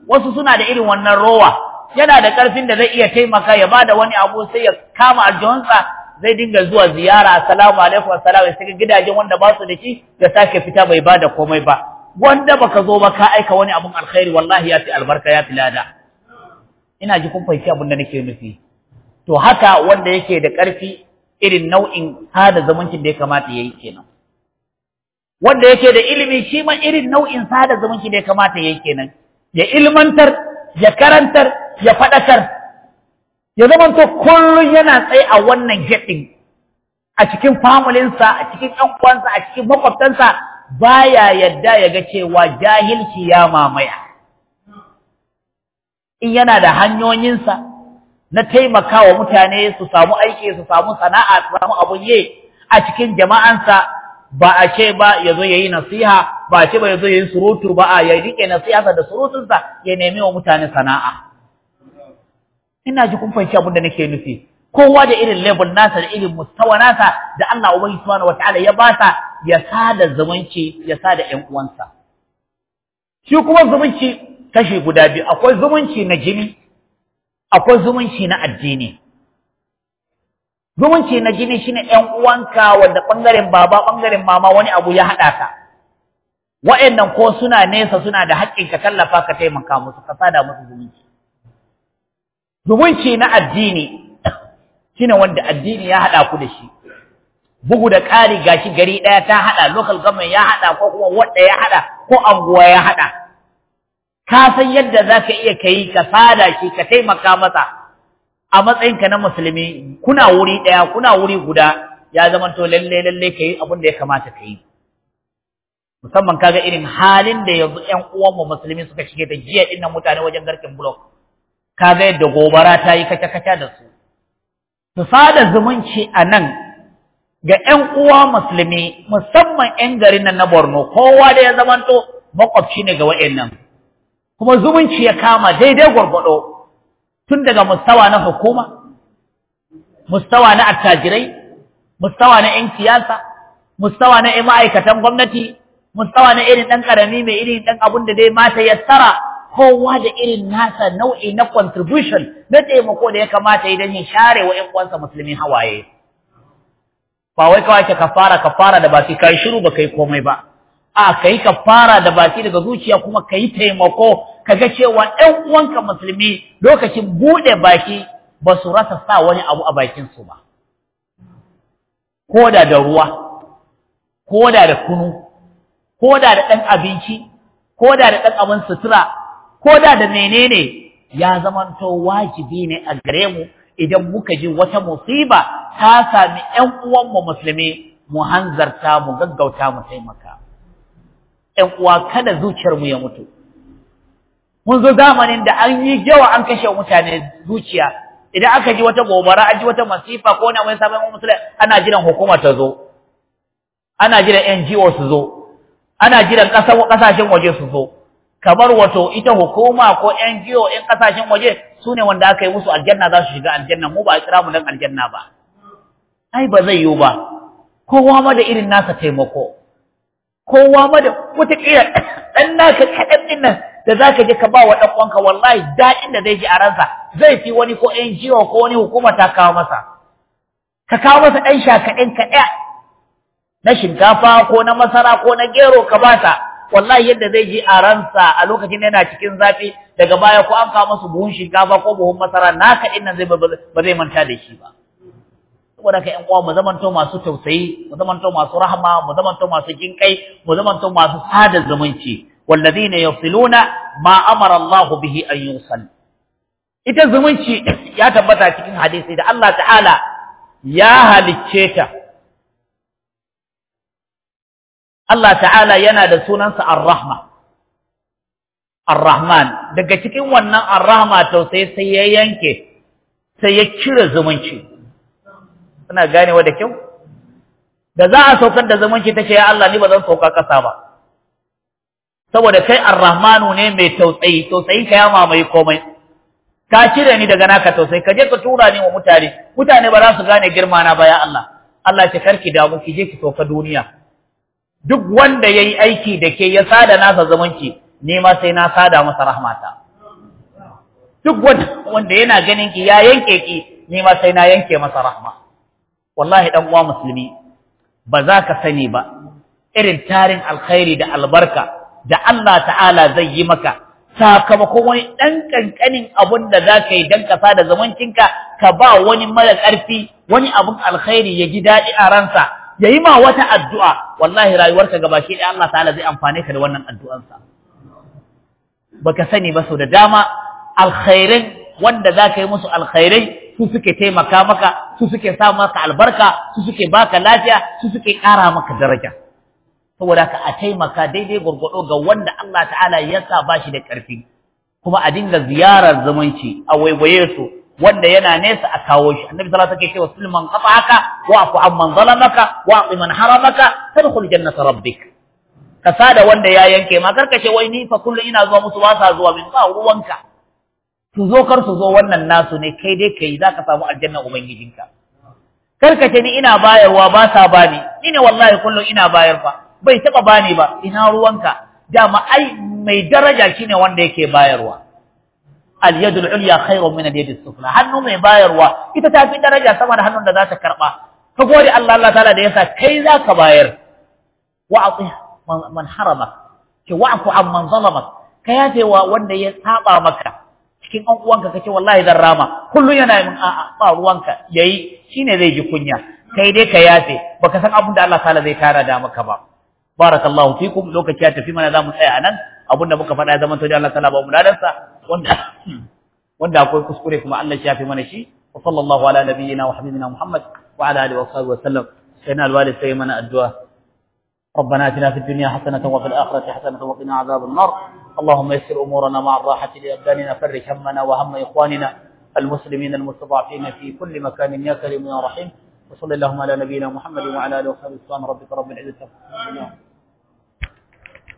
wasu suna da irin wannan rowa yana da ƙarfin da zai iya taimaka ya bada wani abu sai ya kama aljihunsa zai dinga zuwa ziyara assalamu alaikum assalamu ya saka gidajen wanda ba su da shi ya sake fita bai bada komai ba wanda baka zo ba ka aika wani abun alkhairi wallahi ya fi albarka ya fi lada ina ji kun fahimci abin da nake nufi to haka wanda yake da ƙarfi irin nau'in sada zumuncin da ya kamata yayi kenan wanda yake da ilimi shi ma irin nau'in sada zumunci da ya kamata yayi kenan ya ilmantar ya karantar ya faɗakar ya zamanto kullum yana tsaye a wannan gyaɗin, a cikin famulinsa a cikin ɗan uwansa a cikin maƙwabtansa, baya yadda ya ga cewa jahilci ya mamaya in yana da hanyoyinsa na taimakawa mutane su samu aiki su samu sana'a su samu abun yi a cikin jama'ansa ba a ce ba ya zo ya yi nasiha ba a ce ba ya zo ya yi surutu ba a ya riƙe nasiha da surutunsa ya nemi wa mutane sana'a ina ji kun fahimci abin da nake nufi kowa da irin level nasa da irin mustawa nasa da Allah ubangi subhanahu wataala ya basa ya sada zumunci ya sada ƴan uwansa shi kuma zumunci kashi guda biyu akwai zumunci na jini akwai zumunci na addini zumunci na jini shine ƴan uwanka wanda bangaren baba bangaren mama wani abu ya haɗa ka wa'annan ko suna nesa suna da haƙƙin ka tallafa ka taimaka musu ka sada musu zumunci zumunci na addini shine wanda addini ya haɗa ku da shi bugu da ƙari gashi gari ɗaya ta haɗa local government ya haɗa ko kuma wadda ya haɗa ko anguwa ya haɗa ka san yadda za ka iya kai ka fada shi ka taimaka masa a matsayinka na musulmi kuna wuri ɗaya kuna wuri guda ya zama to lalle lalle ka yi abin da ya kamata ka yi musamman kaga irin halin da yanzu ƴan uwanmu musulmi suka shige da jiya dinnan mutane wajen garkin block ga yadda gobara ta yi kaca-kaca da su su sada zumunci a nan ga 'yan uwa musulmi musamman 'yan garin nan na borno kowa da ya zamanto makwabci ne ga nan. kuma zumunci ya kama daidai gwargwado tun daga mustawa na hukuma mustawa na attajirai mustawa na 'yan siyasa mustawa na 'yan ma'aikatan gwamnati mustawa na irin ɗan ƙarami mai irin ɗan abun da dai mata yassara kowa da irin nasa nau'i na contribution na taimako da ya kamata idan ya share wa ƴan uwansa musulmi hawaye ba wai kawai ka kafara kafara da baki ka kai shiru ba kai komai ba a kai kafara da baki daga zuciya kuma kai taimako ka ga cewa yan uwanka musulmi lokacin bude baki ba su rasa sa wani abu a bakin su ba koda da ruwa koda da kunu koda da ɗan abinci koda da ɗan abin sutura ko da da menene ya zamanto wajibi ne a gare mu idan muka ji wata musiba ta sami ƴan uwanmu musulmi mu hanzarta mu gaggauta mu taimaka ƴan uwa kada zuciyar mu ya mutu mun zo zamanin da an yi yawa an kashe mutane zuciya idan aka ji wata gobara an ji wata masifa ko wani abu ya musulmi ana jiran hukuma ta zo ana jiran NGO su zo ana jiran ƙasashen waje su zo kamar wato ita hukuma ko NGO in kasashen waje sune wanda aka yi musu aljanna za su shiga aljanna mu ba a kira mu dan aljanna ba ai ba zai yiwu ba kowa ma da irin nasa taimako kowa ma da wataƙila ɗan naka kaɗan ɗin nan da za ka je ka ba wa ɗan uwanka wallahi daɗin da zai ji a ransa zai fi wani ko NGO ko wani hukuma ta kawo masa ka kawo masa ɗan shakaɗin kaɗa na shinkafa ko na masara ko na gero ka ba ta wallahi yadda zai ji a ransa a lokacin yana cikin zafi daga baya ko an kawo masa buhun shinkafa ko buhun masara naka din nan zai ba zai manta da shi ba saboda ka ƴan uwa mu zamanto masu tausayi mu zamanto masu rahama mu zamanto masu jinkai mu zamanto masu sada zumunci والذين يصلون ما امر bihi به ان يوصل ita zumunci ya tabbata cikin hadisi da Allah ta'ala ya halicce ta Allah ta'ala yana da sunansa ar-rahma ar-rahman daga cikin wannan ar-rahma tausayi sai ya yanke sai ya cire zumunci gane wa da kyau da za a saukar da zumunci tace ya Allah ni ba zan sauka kasa ba saboda kai ar-rahmanu ne mai tausayi tausayi ka yama mai komai ka cire ni daga naka tausayi ka je ka tura ni wa mutane mutane ba za su gane girma na ba ya Allah Allah ce karki damu ki je ki sauka duniya duk wanda ya yi aiki da ke ya sada nasa ne nema sai na sada masa rahmata duk wanda yana ganin ki ya yanke ki nema sai na yanke masa rahma wallahi ɗan uwa musulmi ba za ka sani ba irin tarin alkhairi da albarka da Allah ta'ala zai yi maka sakamako wani dan kankanin abun da za ka yi dan ka da zamancinka ka ba wani mara ƙarfi wani abun alkhairi ya ji daɗi a ransa yi ma wata addu'a wallahi rayuwarka gaba shi ɗaya Allah ta'ala zai amfane ka da wannan addu'ansa Ba ka sani ba sau da dama alkhairin wanda za ka yi musu alkhairai su suke taimaka maka su suke sa maka albarka su suke baka lafiya su suke ƙara maka daraja saboda ka a taimaka daidai gwargwado ga wanda Allah ta'ala ya sa bashi da ƙarfi kuma a dinga ziyarar zumunci a waiwaye su wanda yana nesa a kawo shi annabi sallallahu alaihi wasallam ce wa sulman qata'aka wa afu amman zalamaka wa aqi man haramaka tadkhul jannata rabbik ka sada wanda ya yanke ma karkashe wai ni fa kullu ina zuwa musu wasa zuwa min ba ruwanka su zo kar su zo wannan nasu ne kai dai kai zaka samu aljanna ubangijinka karkace ni ina bayarwa ba sa bani ni ne wallahi kullun ina bayar fa bai taba bani ba ina ruwanka dama ai mai daraja shine wanda yake bayarwa al-yadul ulya khairun min al sufla hannu mai bayarwa ita ta fi daraja sama da hannun da za ta karba ka gode Allah Allah ta'ala da yasa kai za ka bayar wa ati man harama ki wa'fu amman zalamak ka wa wanda ya saba maka cikin an uwanka kace wallahi zan rama kullum yana min a'a ba ruwanka yayi shine zai ji kunya kai dai ka yafe baka san abin da Allah ta'ala zai tara da maka ba barakallahu fikum lokaci ya tafi mana zamu tsaya anan abinda muka faɗa zaman to da Allah ta'ala ba mu ladansa wanda wanda akwai kuskure kuma Allah ya shafe mana shi wa sallallahu ala nabiyyina wa habibina Muhammad wa ala alihi wa sahbihi wa sallam sai na alwali sai mana addu'a ربنا اتنا في الدنيا حسنة وفي الآخرة حسنة وقنا عذاب النار اللهم يسر أمورنا مع الراحة لأبداننا فرج همنا وهم إخواننا المسلمين المستضعفين في كل مكان يا كريم يا رحيم وصلى اللهم على نبينا محمد وعلى آله وصحبه وسلم ربك رب العزة